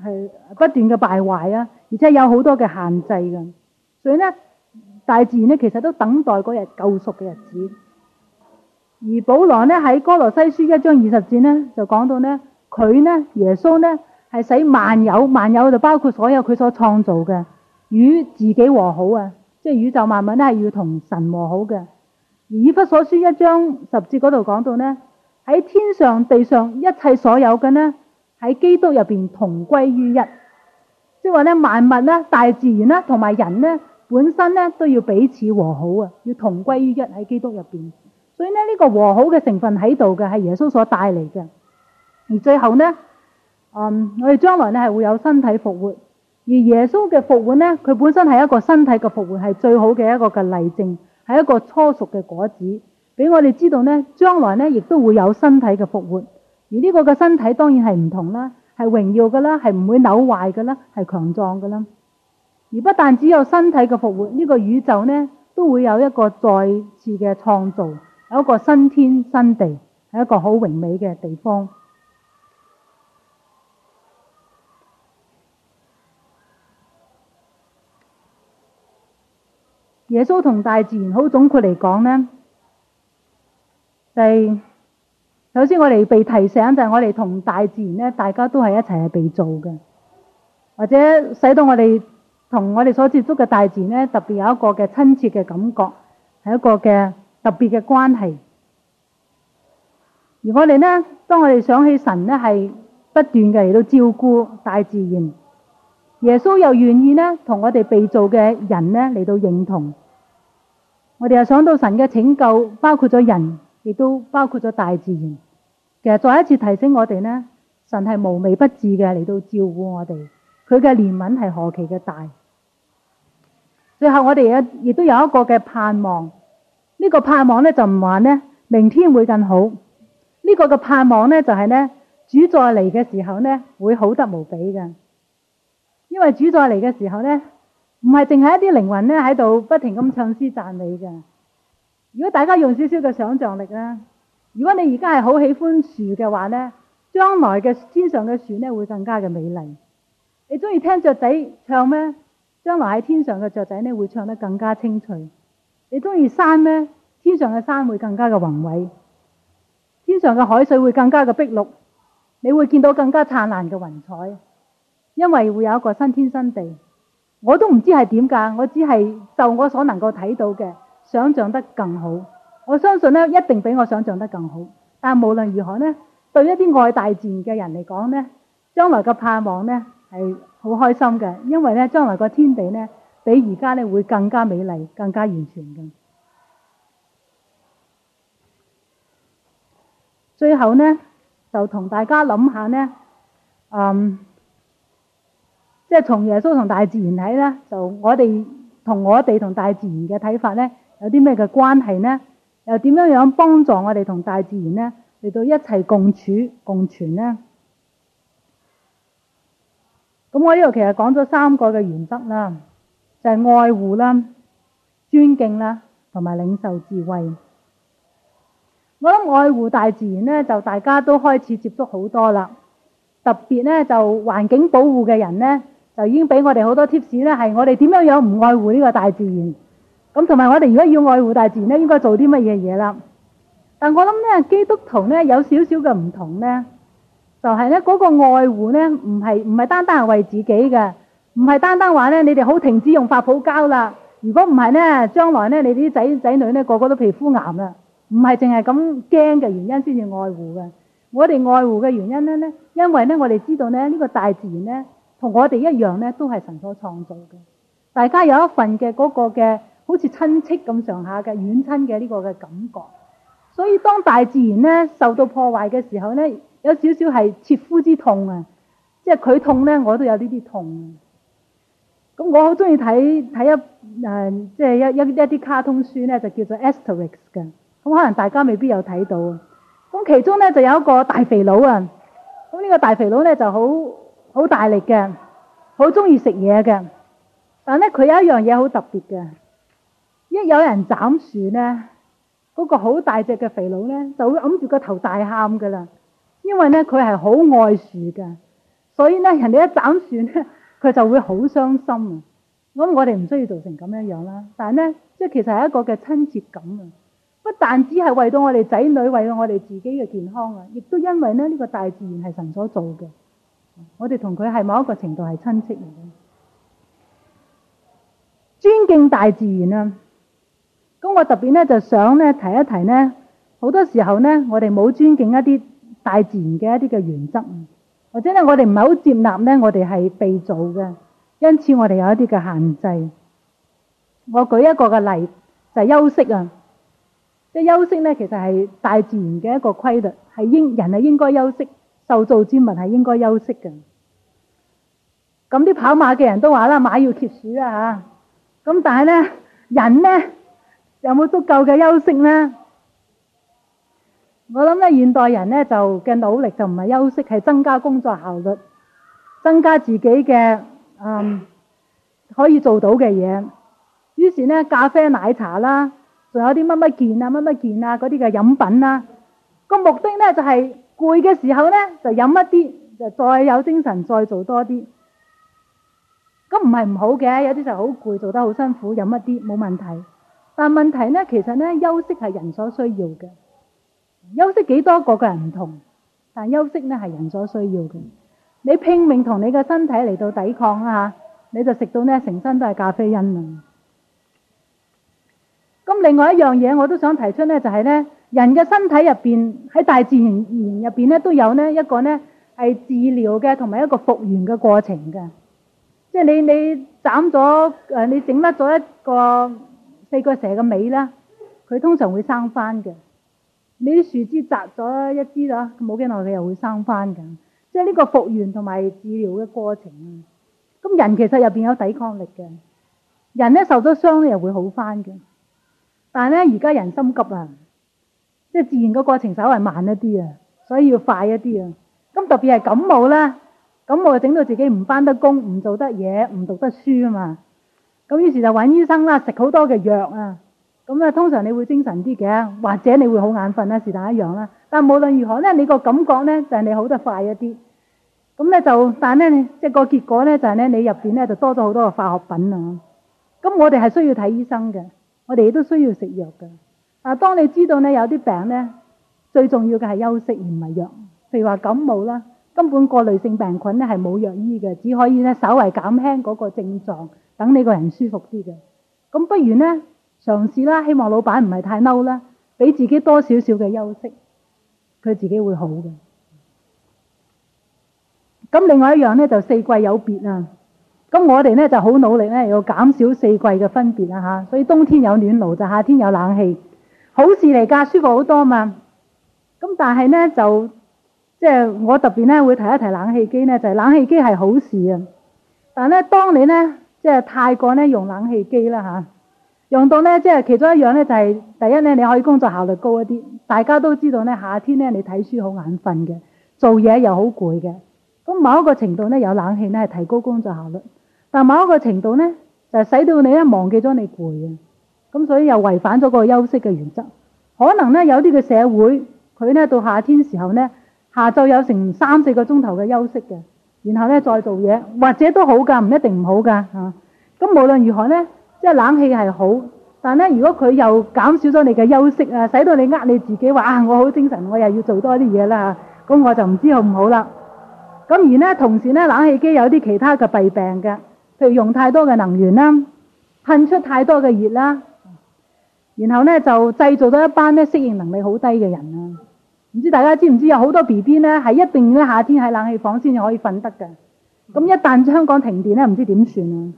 係不斷嘅敗壞啊，而且有好多嘅限制噶，所以呢，大自然呢，其實都等待嗰日救贖嘅日子。而保羅呢，喺哥羅西書一章二十節呢，就講到呢，佢呢耶穌呢，係使萬有，萬有就包括所有佢所創造嘅與自己和好啊，即係宇宙萬物都係要同神和好嘅。而以弗所書一章十節嗰度講到呢，喺天上地上一切所有嘅呢。喺基督入邊同歸於一，即係話咧萬物咧大自然咧同埋人咧本身咧都要彼此和好啊，要同歸於一喺基督入邊。所以咧呢個和好嘅成分喺度嘅，係耶穌所帶嚟嘅。而最後咧，嗯，我哋將來咧係會有身體復活，而耶穌嘅復活咧，佢本身係一個身體嘅復活，係最好嘅一個嘅例證，係一個初熟嘅果子，俾我哋知道咧將來咧亦都會有身體嘅復活。而呢個嘅身體當然係唔同啦，係榮耀嘅啦，係唔會扭壞嘅啦，係強壯嘅啦。而不但只有身體嘅復活，呢個宇宙呢都會有一個再次嘅創造，有一個新天新地，係一個好榮美嘅地方。耶穌同大自然，好，總括嚟講呢，就係首先，我哋被提醒就係、是、我哋同大自然咧，大家都係一齊係被造嘅，或者使到我哋同我哋所接觸嘅大自然咧，特別有一個嘅親切嘅感覺，係一個嘅特別嘅關係。而我哋咧，當我哋想起神咧係不斷嘅嚟到照顧大自然，耶穌又願意咧同我哋被造嘅人咧嚟到認同，我哋又想到神嘅拯救包括咗人。亦都包括咗大自然，其實再一次提醒我哋咧，神係無微不至嘅嚟到照顧我哋，佢嘅憐憫係何其嘅大。最後我哋亦都有一個嘅盼望，呢個盼望咧就唔話咧明天會更好，呢個嘅盼望咧就係咧主再嚟嘅時候咧會好得無比嘅，因為主再嚟嘅時候咧唔係淨係一啲靈魂咧喺度不停咁唱詩讚美嘅。如果大家用少少嘅想象力咧，如果你而家係好喜歡樹嘅話咧，將來嘅天上嘅樹咧會更加嘅美麗。你中意聽雀仔唱咩？將來喺天上嘅雀仔咧會唱得更加清脆。你中意山咩？天上嘅山會更加嘅宏偉。天上嘅海水會更加嘅碧綠，你會見到更加燦爛嘅雲彩，因為會有一個新天新地。我都唔知係點解，我只係就我所能夠睇到嘅。想象得更好，我相信咧，一定比我想象得更好。但無論如何呢，對一啲愛大自然嘅人嚟講呢，將來嘅盼望呢係好開心嘅，因為呢將來個天地呢，比而家呢會更加美麗、更加完全嘅。最後呢，就同大家諗下呢，嗯，即係從耶穌同大自然睇呢，就我哋同我哋同大自然嘅睇法呢。有啲咩嘅關係呢？又點樣樣幫助我哋同大自然呢？嚟到一齊共處共存呢？咁我呢度其實講咗三個嘅原則啦，就係、是、愛護啦、尊敬啦同埋領受智慧。我諗愛護大自然咧，就大家都開始接觸好多啦。特別咧，就環境保護嘅人咧，就已經俾我哋好多 tips 啦，係我哋點樣樣唔愛護呢個大自然。咁同埋，我哋如果要愛護大自然咧，應該做啲乜嘢嘢啦？但我諗咧，基督徒咧有少少嘅唔同咧，就係咧嗰個愛護咧，唔係唔係單單係為自己嘅，唔係單單話咧你哋好停止用法膚膠啦。如果唔係咧，將來咧你啲仔仔女咧個個都皮膚癌啦，唔係淨係咁驚嘅原因先至愛護嘅。我哋愛護嘅原因咧，咧因為咧我哋知道咧呢個大自然咧同我哋一樣咧都係神所創造嘅。大家有一份嘅嗰個嘅。好似親戚咁上下嘅遠親嘅呢個嘅感覺，所以當大自然咧受到破壞嘅時候咧，有少少係切膚之痛啊！即係佢痛咧，我都有呢啲痛。咁我好中意睇睇一誒，即係一一一啲卡通書咧，就叫做《Asterix》嘅。咁可能大家未必有睇到。咁其中咧就有一個大肥佬啊！咁、這、呢個大肥佬咧就好好大力嘅，好中意食嘢嘅，但咧佢有一樣嘢好特別嘅。一有人斬樹咧，嗰個好大隻嘅肥佬咧，就會揞住個頭大喊噶啦。因為咧佢係好愛樹㗎！所以咧人哋一斬樹咧，佢就會好傷心啊。咁我哋唔需要做成咁樣樣啦。但係咧，即係其實係一個嘅親切感啊。不但只係為到我哋仔女，為到我哋自己嘅健康啊，亦都因為咧呢個大自然係神所做嘅，我哋同佢係某一個程度係親戚嚟嘅。尊敬大自然啊！咁我特別咧就想咧提一提咧，好多時候咧我哋冇尊敬一啲大自然嘅一啲嘅原則，或者咧我哋唔係好接納咧，我哋係被造嘅，因此我哋有一啲嘅限制。我舉一個嘅例就係、是、休息啊，即係休息咧，其實係大自然嘅一個規律，係人係應該休息，受造之物係應該休息嘅。咁啲跑馬嘅人都話啦，馬要歇暑啦、啊、吓。咁但係咧人咧，有冇足夠嘅休息咧？我諗咧，現代人咧就嘅努力就唔係休息，係增加工作效率，增加自己嘅，嗯，可以做到嘅嘢。於是咧，咖啡、奶茶啦，仲有啲乜乜健啊、乜乜健啊嗰啲嘅飲品啦。個目的咧就係攰嘅時候咧就飲一啲，就再有精神再做多啲。咁唔係唔好嘅，有啲就好攰，做得好辛苦，飲一啲冇問題。但問題咧，其實咧，休息係人所需要嘅。休息幾多個嘅人唔同，但休息咧係人所需要嘅。你拼命同你嘅身體嚟到抵抗啊，你就食到咧成身都係咖啡因啊！咁另外一樣嘢我都想提出咧，就係咧，人嘅身體入面，喺大自然入面咧都有呢一個咧係治療嘅同埋一個復原嘅過程嘅。即係你你斬咗誒，你整乜咗一個？四腳蛇嘅尾咧，佢通常會生翻嘅。你啲樹枝摘咗一枝咗，咁冇幾耐佢又會生翻嘅。即係呢個復原同埋治療嘅過程啊。咁人其實入邊有抵抗力嘅，人咧受咗傷咧又會好翻嘅。但係咧而家人心急啊，即係自然嘅過程稍為慢一啲啊，所以要快一啲啊。咁特別係感冒啦，感冒就整到自己唔翻得工、唔做得嘢、唔讀得書啊嘛。咁於是就搵醫生啦，食好多嘅藥啊！咁呢，通常你會精神啲嘅，或者你會好眼瞓啊是但一樣啦。但無論如何咧，你個感覺咧就係你好得快一啲。咁咧就但咧即個結果咧就係咧你入邊咧就多咗好多嘅化學品啊！咁我哋係需要睇醫生嘅，我哋亦都需要食藥嘅。但係當你知道咧有啲病咧最重要嘅係休息而唔係藥，譬如話感冒啦，根本過濾性病菌咧係冇藥醫嘅，只可以咧稍為減輕嗰個症狀。等你個人舒服啲嘅，咁不如咧嘗試啦，希望老闆唔係太嬲啦，俾自己多少少嘅休息，佢自己會好嘅。咁另外一樣咧就四季有別啊，咁我哋咧就好努力咧要減少四季嘅分別啊嚇，所以冬天有暖爐就夏天有冷氣，好事嚟㗎，舒服好多嘛。咁但係咧就即係我特別咧會提一提冷氣機咧，就係冷氣機係好事啊，但係咧當你咧。即係太過咧，用冷氣機啦嚇，用到咧即係其中一樣咧，就係第一咧，你可以工作效率高一啲。大家都知道咧，夏天咧你睇書好眼瞓嘅，做嘢又好攰嘅。咁某一個程度咧，有冷氣咧係提高工作效率，但某一個程度咧就使到你咧忘記咗你攰嘅。咁所以又違反咗嗰個休息嘅原則。可能咧有啲嘅社會，佢咧到夏天時候咧，下晝有成三四個鐘頭嘅休息嘅。然後咧再做嘢，或者都好噶，唔一定唔好噶吓。咁無論如何呢，即係冷氣係好，但咧如果佢又減少咗你嘅休息啊，使到你呃你自己話啊，我好精神，我又要做多啲嘢啦。咁我就唔知好唔好啦。咁而咧同時咧，冷氣機有啲其他嘅弊病嘅，譬如用太多嘅能源啦，噴出太多嘅熱啦，然後咧就製造咗一班咧適應能力好低嘅人啊。唔知大家知唔知有好多 B B 咧，係一定要咧夏天喺冷氣房先至可以瞓得㗎。咁一旦香港停電咧，唔知點算啊？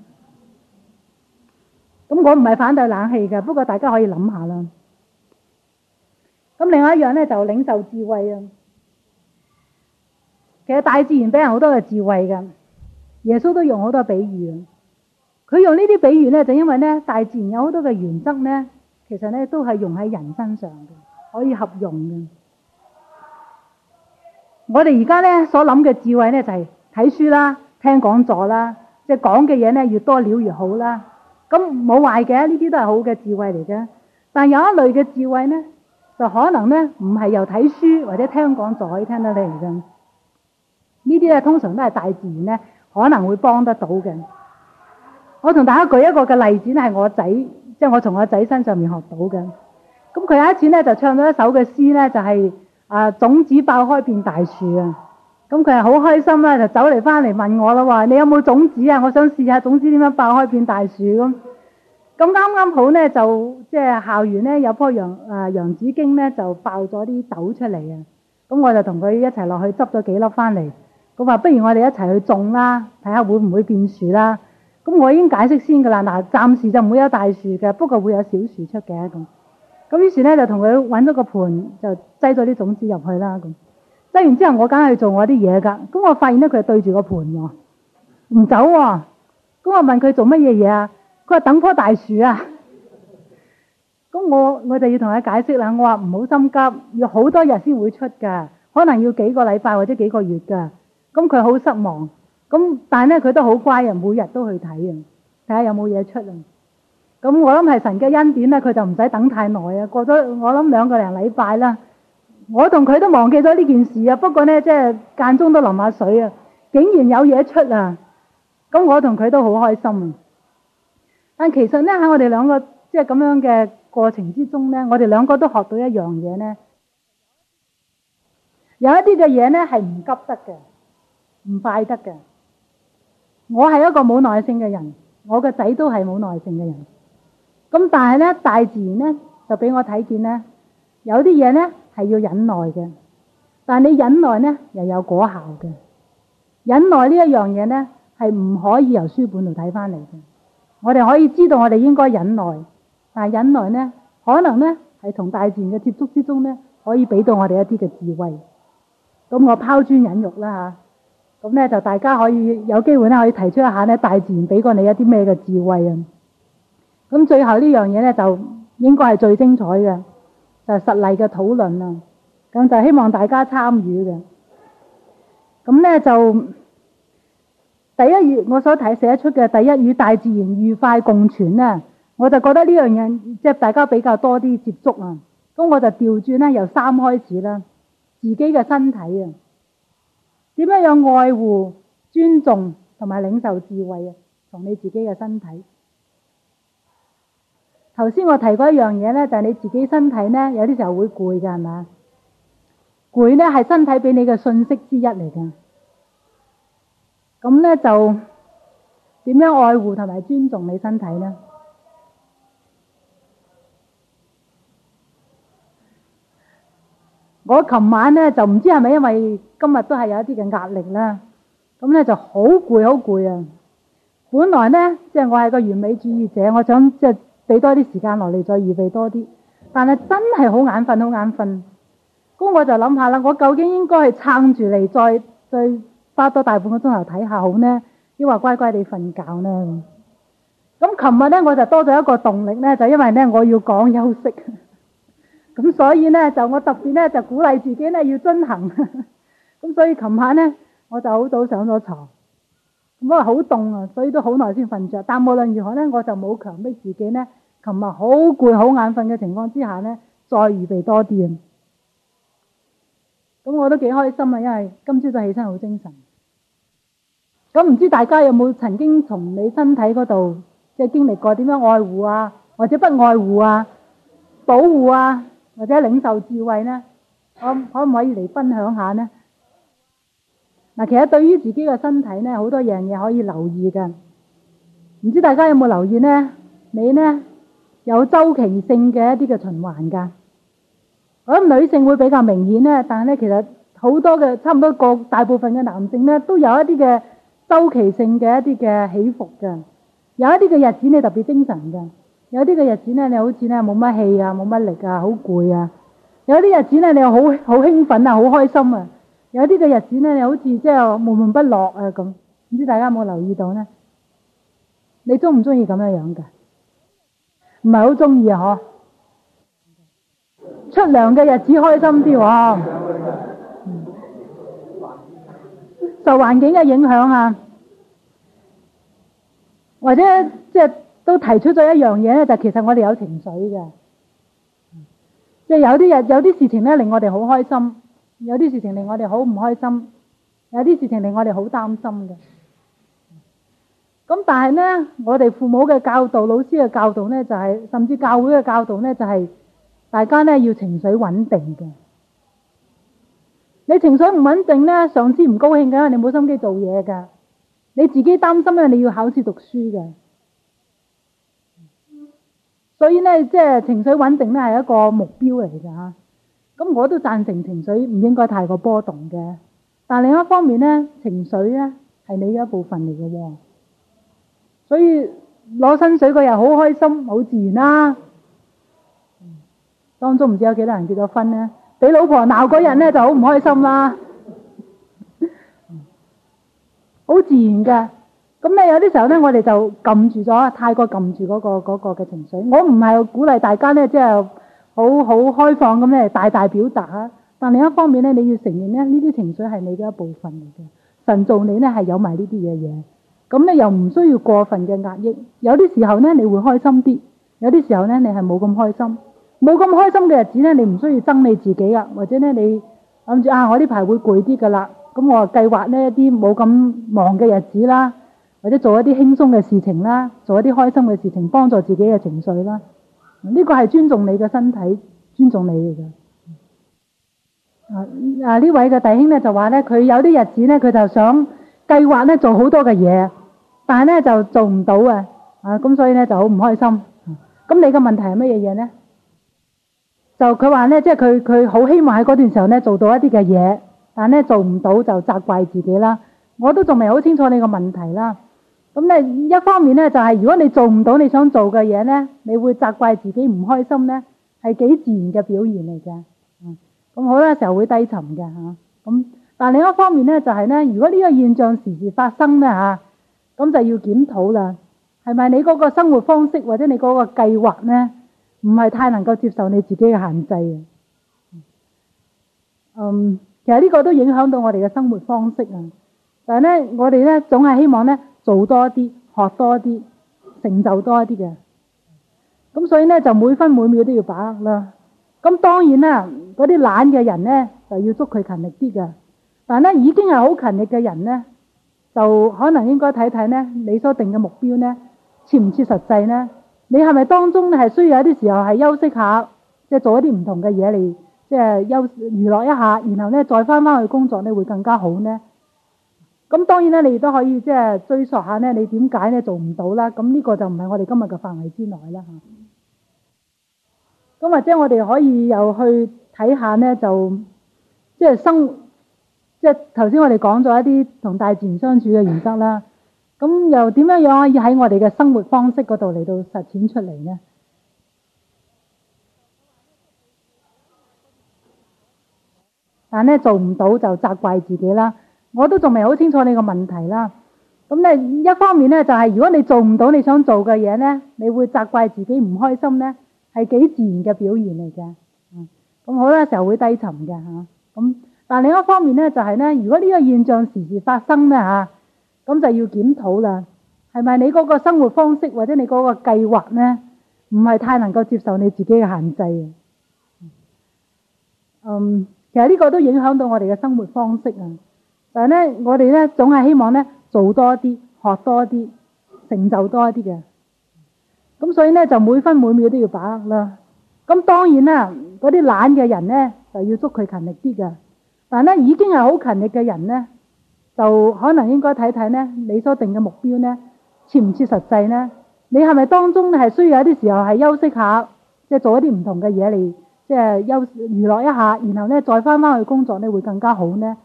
咁我唔係反對冷氣嘅，不過大家可以諗下啦。咁另外一樣咧就領受智慧啊。其實大自然俾人好多嘅智慧㗎，耶穌都用好多比喻啊。佢用呢啲比喻咧，就因為咧大自然有好多嘅原則咧，其實咧都係用喺人身上嘅，可以合用嘅。我哋而家咧所諗嘅智慧咧就係睇書啦、聽講座啦，即係講嘅嘢咧越多料越好啦。咁冇壞嘅，呢啲都係好嘅智慧嚟嘅。但係有一類嘅智慧咧，就可能咧唔係由睇書或者聽講座可以聽得嚟嘅。呢啲咧通常都係大自然咧可能會幫得到嘅。我同大家舉一個嘅例子，係我仔，即係我從我仔身上面學到嘅。咁佢有一次咧就唱咗一首嘅詩咧，就係。啊！種子爆開變大樹啊！咁佢係好開心啦，就走嚟翻嚟問我啦，話你有冇種子啊？我想試下種子點樣爆開變大樹咁。咁啱啱好咧，就即係校園咧有棵洋啊洋紫荊咧就爆咗啲豆出嚟啊！咁我就同佢一齊落去執咗幾粒翻嚟。咁話不如我哋一齊去種啦，睇下會唔會變樹啦。咁我已經解釋先噶啦，嗱，暫時就唔會有大樹嘅，不過會有小樹出嘅咁。咁於是咧就同佢揾咗個盤，就擠咗啲種子入去啦。咁擠完之後，我梗係做我啲嘢㗎。咁我發現咧，佢對住個盤喎，唔走喎啊。咁我問佢做乜嘢嘢啊？佢話等棵大樹啊。咁我我就要同佢解釋啦。我話唔好心急，要好多日先會出㗎，可能要幾個禮拜或者幾個月㗎。咁佢好失望。咁但係咧，佢都好乖啊，每日都去睇啊，睇下有冇嘢出啊。咁我諗係神嘅恩典咧，佢就唔使等太耐啊。過咗我諗兩個零禮拜啦，我同佢都忘記咗呢件事啊。不過咧，即係間中都淋下水啊，竟然有嘢出啊！咁我同佢都好開心。但其實咧喺我哋兩個即係咁樣嘅過程之中咧，我哋兩個都學到一樣嘢咧，有一啲嘅嘢咧係唔急得嘅，唔快得嘅。我係一個冇耐性嘅人，我個仔都係冇耐性嘅人。咁但係咧，大自然咧就俾我睇見咧，有啲嘢咧係要忍耐嘅，但係你忍耐咧又有果效嘅。忍耐呢一樣嘢咧係唔可以由書本度睇翻嚟嘅。我哋可以知道我哋應該忍耐，但係忍耐咧可能咧係同大自然嘅接觸之中咧可以俾到我哋一啲嘅智慧。咁我拋磚引玉啦吓，咁、啊、咧就大家可以有機會咧可以提出一下咧，大自然俾過你一啲咩嘅智慧啊？咁最後呢樣嘢咧，就應該係最精彩嘅，就係實例嘅討論啊。咁就希望大家參與嘅。咁咧就第一頁我所提寫出嘅第一與大自然愉快共存咧，我就覺得呢樣嘢即係大家比較多啲接觸啊。咁我就調轉咧，由三開始啦，自己嘅身體啊，點樣樣愛護、尊重同埋領受智慧啊，同你自己嘅身體。頭先我提過一樣嘢咧，就係、是、你自己身體咧，有啲時候會攰㗎，係嘛？攰咧係身體俾你嘅訊息之一嚟㗎。咁咧就點樣愛護同埋尊重你身體咧？我琴晚咧就唔知係咪因為今日都係有一啲嘅壓力啦，咁咧就好攰好攰啊！本來咧即係我係個完美主義者，我想即係。就俾多啲時間落嚟，再預備多啲，但係真係好眼瞓，好眼瞓。咁我就諗下啦，我究竟應該係撐住嚟，再再花多大半個鐘頭睇下好呢？抑或乖乖哋瞓覺呢？咁琴日咧，我就多咗一個動力咧，就因為咧我要講休息，咁所以咧就我特別咧就鼓勵自己咧要遵行。咁所以琴晚咧我就好早上咗床。因為好凍啊，所以都好耐先瞓著。但無論如何咧，我就冇強迫自己咧，琴日好攰、好眼瞓嘅情況之下咧，再預備多啲。咁我都幾開心啊，因為今朝都起身好精神。咁唔知大家有冇曾經從你身體嗰度，即係經歷過點樣愛護啊，或者不愛護啊、保護啊，或者領受智慧咧？可可唔可以嚟分享下咧？嗱，其實對於自己嘅身體咧，好多樣嘢可以留意噶。唔知大家有冇留意咧？你咧有周期性嘅一啲嘅循環噶。我諗女性會比較明顯咧，但係咧其實好多嘅差唔多大部分嘅男性咧都有一啲嘅周期性嘅一啲嘅起伏噶。有一啲嘅日子你特別精神噶，有啲嘅日子咧你好似咧冇乜氣啊，冇乜力啊，好攰啊。有啲日子咧你好好興奮啊，好開心啊。有啲嘅日子咧，你好似即係悶悶不樂啊咁，唔知大家有冇留意到咧？你中唔中意咁嘅樣嘅？唔係好中意啊！嗬，出糧嘅日子開心啲喎， 受環境嘅影響啊，或者即係、就是、都提出咗一樣嘢咧，就是、其實我哋有情緒嘅，即、就、係、是、有啲日有啲事情咧令我哋好開心。有啲事情令我哋好唔開心，有啲事情令我哋好擔心嘅。咁但係咧，我哋父母嘅教導、老師嘅教導咧、就是，就係甚至教會嘅教導咧、就是，就係大家咧要情緒穩定嘅。你情緒唔穩定咧，上司唔高興嘅，你冇心機做嘢噶。你自己擔心啊，你要考試讀書嘅。所以咧，即係情緒穩定咧，係一個目標嚟嘅吓。咁我都贊成情緒唔應該太過波動嘅，但係另一方面咧，情緒咧係你嘅一部分嚟嘅喎，所以攞薪水嗰日好開心，好自然啦。當中唔知有幾多人結咗婚咧，俾老婆鬧嗰日咧就好唔開心啦，好自然嘅。咁咧有啲時候咧，我哋就撳住咗，太過撳住嗰個嗰個嘅情緒。我唔係鼓勵大家咧，即係。好好開放咁咧，大大表達啊！但另一方面咧，你要承認咧，呢啲情緒係你嘅一部分嚟嘅。神造你咧係有埋呢啲嘢嘢，咁咧又唔需要過分嘅壓抑。有啲時候咧，你會開心啲；有啲時候咧，你係冇咁開心。冇咁開心嘅日子咧，你唔需要憎你自己啊！或者咧，你諗住啊，我呢排會攰啲㗎啦，咁我計劃呢一啲冇咁忙嘅日子啦，或者做一啲輕鬆嘅事情啦，做一啲開心嘅事情，幫助自己嘅情緒啦。呢個係尊重你嘅身體，尊重你嚟㗎。啊啊！呢位嘅弟兄咧就話咧，佢有啲日子咧，佢就想計劃咧做好多嘅嘢，但係咧就做唔到啊！啊咁、啊，所以咧就好唔開心。咁你嘅問題係乜嘢嘢咧？就佢話咧，即係佢佢好希望喺嗰段時候咧做到一啲嘅嘢，但係咧做唔到就責怪自己啦。我都仲未好清楚你嘅問題啦。咁你一方面咧就係如果你做唔到你想做嘅嘢咧，你會責怪自己唔開心咧，係幾自然嘅表現嚟嘅。嗯，咁好多時候會低沉嘅吓。咁、嗯、但另一方面咧，就係咧，如果呢個現象時時發生咧吓，咁、啊、就要檢討啦。係咪你嗰個生活方式或者你嗰個計劃咧，唔係太能夠接受你自己嘅限制啊？嗯，其實呢個都影響到我哋嘅生活方式啊。但係咧，我哋咧總係希望咧。做多啲，學多啲，成就多啲嘅。咁所以咧，就每分每秒都要把握啦。咁當然啦，嗰啲懶嘅人咧，就要捉佢勤力啲嘅。但係咧，已經係好勤力嘅人咧，就可能應該睇睇咧，你所定嘅目標咧，切唔切實際咧？你係咪當中係需要有啲時候係休息下，即係做一啲唔同嘅嘢嚟，即係休娛樂一下，然後咧再翻翻去工作咧會更加好咧？咁當然咧，你亦都可以即係追溯下咧，你點解咧做唔到啦？咁呢個就唔係我哋今日嘅範圍之內啦嚇。咁或者我哋可以又去睇下咧，就即係生活，即係頭先我哋講咗一啲同大自然相處嘅原則啦。咁又點樣樣可以喺我哋嘅生活方式嗰度嚟到實踐出嚟咧？但係咧做唔到就責怪自己啦。我都仲未好清楚你個問題啦。咁咧，一方面咧就係如果你做唔到你想做嘅嘢咧，你會責怪自己唔開心咧，係幾自然嘅表現嚟嘅。咁好多時候會低沉嘅吓。咁但另一方面咧，就係咧，如果呢個現象時時發生咧吓，咁就要檢討啦。係咪你嗰個生活方式或者你嗰個計劃咧，唔係太能夠接受你自己嘅限制啊？嗯，其實呢個都影響到我哋嘅生活方式啊。但係咧，我哋咧總係希望咧做多啲、學多啲、成就多啲嘅。咁所以咧，就每分每秒都要把握啦。咁當然啦，嗰啲懶嘅人咧，就要捉佢勤力啲嘅。但係咧，已經係好勤力嘅人咧，就可能應該睇睇咧你所定嘅目標咧切唔切實際咧？你係咪當中係需要有啲時候係休息下，即係做一啲唔同嘅嘢嚟，即係休娛樂一下，然後咧再翻翻去工作咧會更加好咧？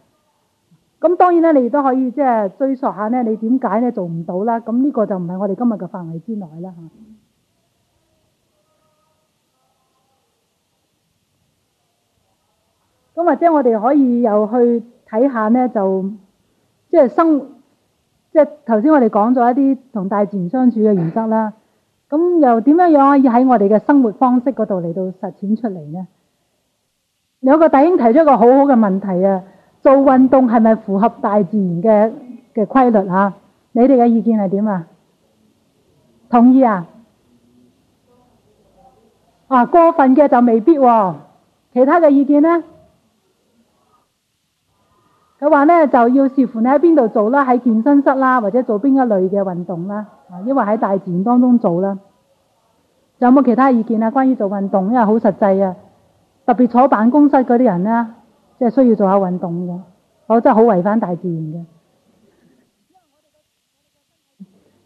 咁當然咧，你亦都可以即係追溯下咧，你點解咧做唔到啦？咁呢個就唔係我哋今日嘅範圍之內啦嚇。咁或者我哋可以又去睇下咧，就即係生活，即係頭先我哋講咗一啲同大自然相處嘅原則啦。咁又點樣樣可以喺我哋嘅生活方式嗰度嚟到實踐出嚟咧？有一個弟兄提出一個好好嘅問題啊！做運動係咪符合大自然嘅嘅規律啊？你哋嘅意見係點啊？同意啊？啊過分嘅就未必喎、啊。其他嘅意見咧，佢話咧就要視乎你喺邊度做啦，喺健身室啦、啊，或者做邊一類嘅運動啦、啊。啊，因為喺大自然當中做啦。有冇其他意見啊？關於做運動，因為好實際啊，特別坐辦公室嗰啲人咧。即係需要做下運動嘅，我真係好違反大自然嘅。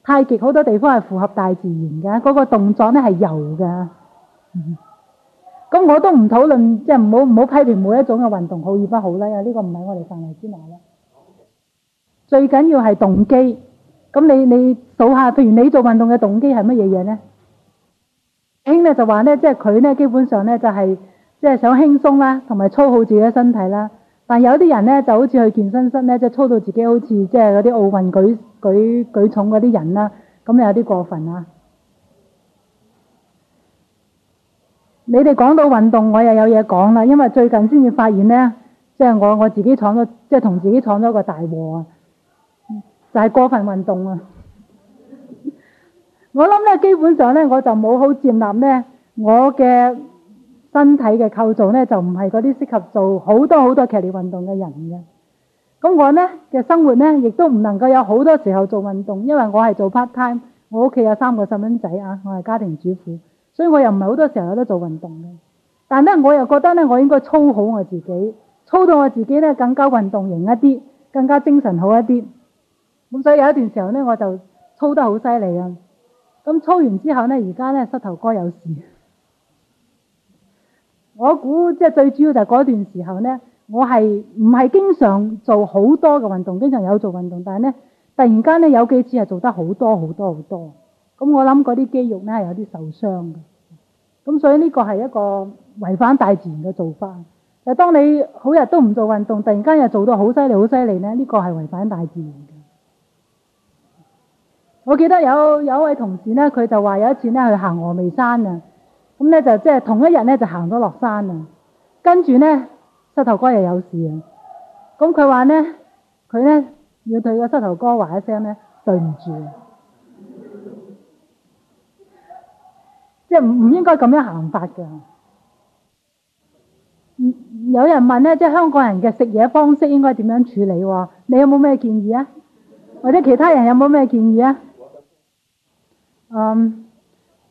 太極好多地方係符合大自然嘅，嗰個動作咧係柔嘅。咁我都唔討論，即係唔好唔好批評每一種嘅運動好與不好啦。啊，呢個唔係我哋範圍之內咧。最緊要係動機。咁你你數下，譬如你做運動嘅動機係乜嘢嘢咧？阿兄咧就話咧，即係佢咧基本上咧就係。即係想輕鬆啦，同埋操好自己嘅身體啦。但有啲人咧，就好似去健身室咧，即係操到自己好似即係嗰啲奧運舉舉舉重嗰啲人啦。咁有啲過分啦。你哋講到運動，我又有嘢講啦。因為最近先至發現咧，即係我我自己闖咗，即係同自己闖咗個大禍啊！就係過分運動啊！我諗咧，基本上咧，我就冇好接納咧，我嘅。身體嘅構造咧，就唔係嗰啲適合做好多好多劇烈運動嘅人嘅。咁我呢嘅生活呢，亦都唔能夠有好多時候做運動，因為我係做 part time。我屋企有三個細蚊仔啊，我係家庭主婦，所以我又唔係好多時候有得做運動嘅。但咧，我又覺得咧，我應該操好我自己，操到我自己咧更加運動型一啲，更加精神好一啲。咁所以有一段時候咧，我就操得好犀利啊！咁操完之後呢，而家呢，膝頭哥有事。我估即係最主要就係嗰段時候咧，我係唔係經常做好多嘅運動，經常有做運動，但係咧突然間咧有幾次係做得好多好多好多，咁我諗嗰啲肌肉咧係有啲受傷嘅，咁所以呢個係一個違反大自然嘅做法。就當你好日都唔做運動，突然間又做到好犀利好犀利咧，呢個係違反大自然嘅。我記得有有一位同事咧，佢就話有一次咧去行峨眉山啊。咁咧就即係同一日咧就行咗落山啦，跟住咧膝頭哥又有事啊！咁佢話咧，佢咧要對個膝頭哥話一聲咧，對唔住， 即係唔唔應該咁樣行法嘅。有人問咧，即係香港人嘅食嘢方式應該點樣處理喎？你有冇咩建議啊？或者其他人有冇咩建議啊？嗯。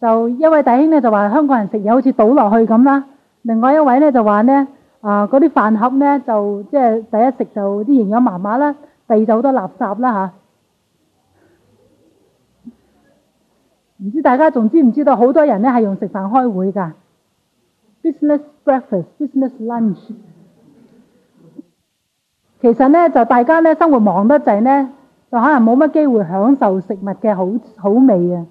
就一位弟兄咧就話香港人食嘢好似倒落去咁啦，另外一位咧就話咧，啊嗰啲飯盒咧就即係第一食就啲營養麻麻啦，第二就好多垃圾啦吓，唔知大家仲知唔知道好多人咧係用食飯開會㗎，business breakfast，business lunch。其實咧就大家咧生活忙得滯咧，就可能冇乜機會享受食物嘅好好味啊。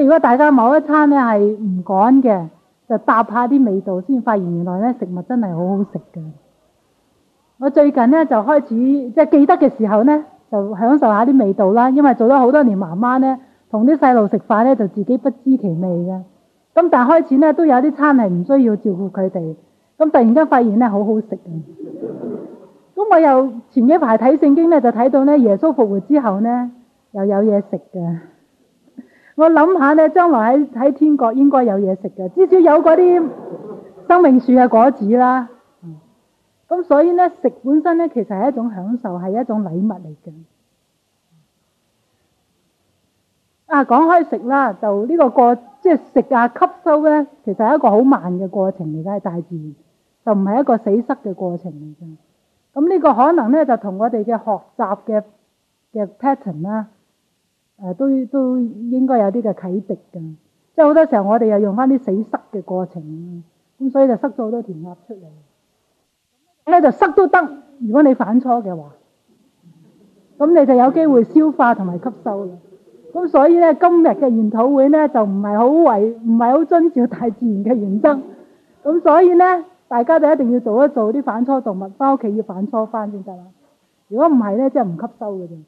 如果大家某一餐咧係唔趕嘅，就搭下啲味道，先發現原來咧食物真係好好食嘅。我最近咧就開始即係記得嘅時候咧，就享受下啲味道啦。因為做咗好多年媽媽咧，同啲細路食飯咧就自己不知其味嘅。咁但係開始咧都有啲餐係唔需要照顧佢哋，咁突然間發現咧好好食嘅。咁我又前幾排睇聖經咧，就睇到咧耶穌復活之後咧又有嘢食嘅。我諗下咧，將來喺喺天國應該有嘢食嘅，至少有嗰啲生命樹嘅果子啦。咁的所以咧，食本身咧，其實係一種享受，係一種禮物嚟嘅。啊，講開食啦，就呢、呢個就、呢個即係、就是、食啊，吸收咧，其實係一個好慢嘅過程嚟噶，係大自然就唔係一個死塞嘅過程嚟嘅。咁呢個可能咧，就同我哋嘅學習嘅嘅 pattern 啦。誒都都應該有啲嘅啟迪㗎，即係好多時候我哋又用翻啲死塞嘅過程，咁所以就塞咗好多填鴨出嚟。咁咧就塞都得，如果你反芻嘅話，咁你就有機會消化同埋吸收。咁所以咧，今日嘅研討會咧就唔係好為，唔係好遵照大自然嘅原則。咁所以咧，大家就一定要做一做啲反芻動物，翻屋企要反芻翻先得啦。如果唔係咧，即係唔吸收嘅啫。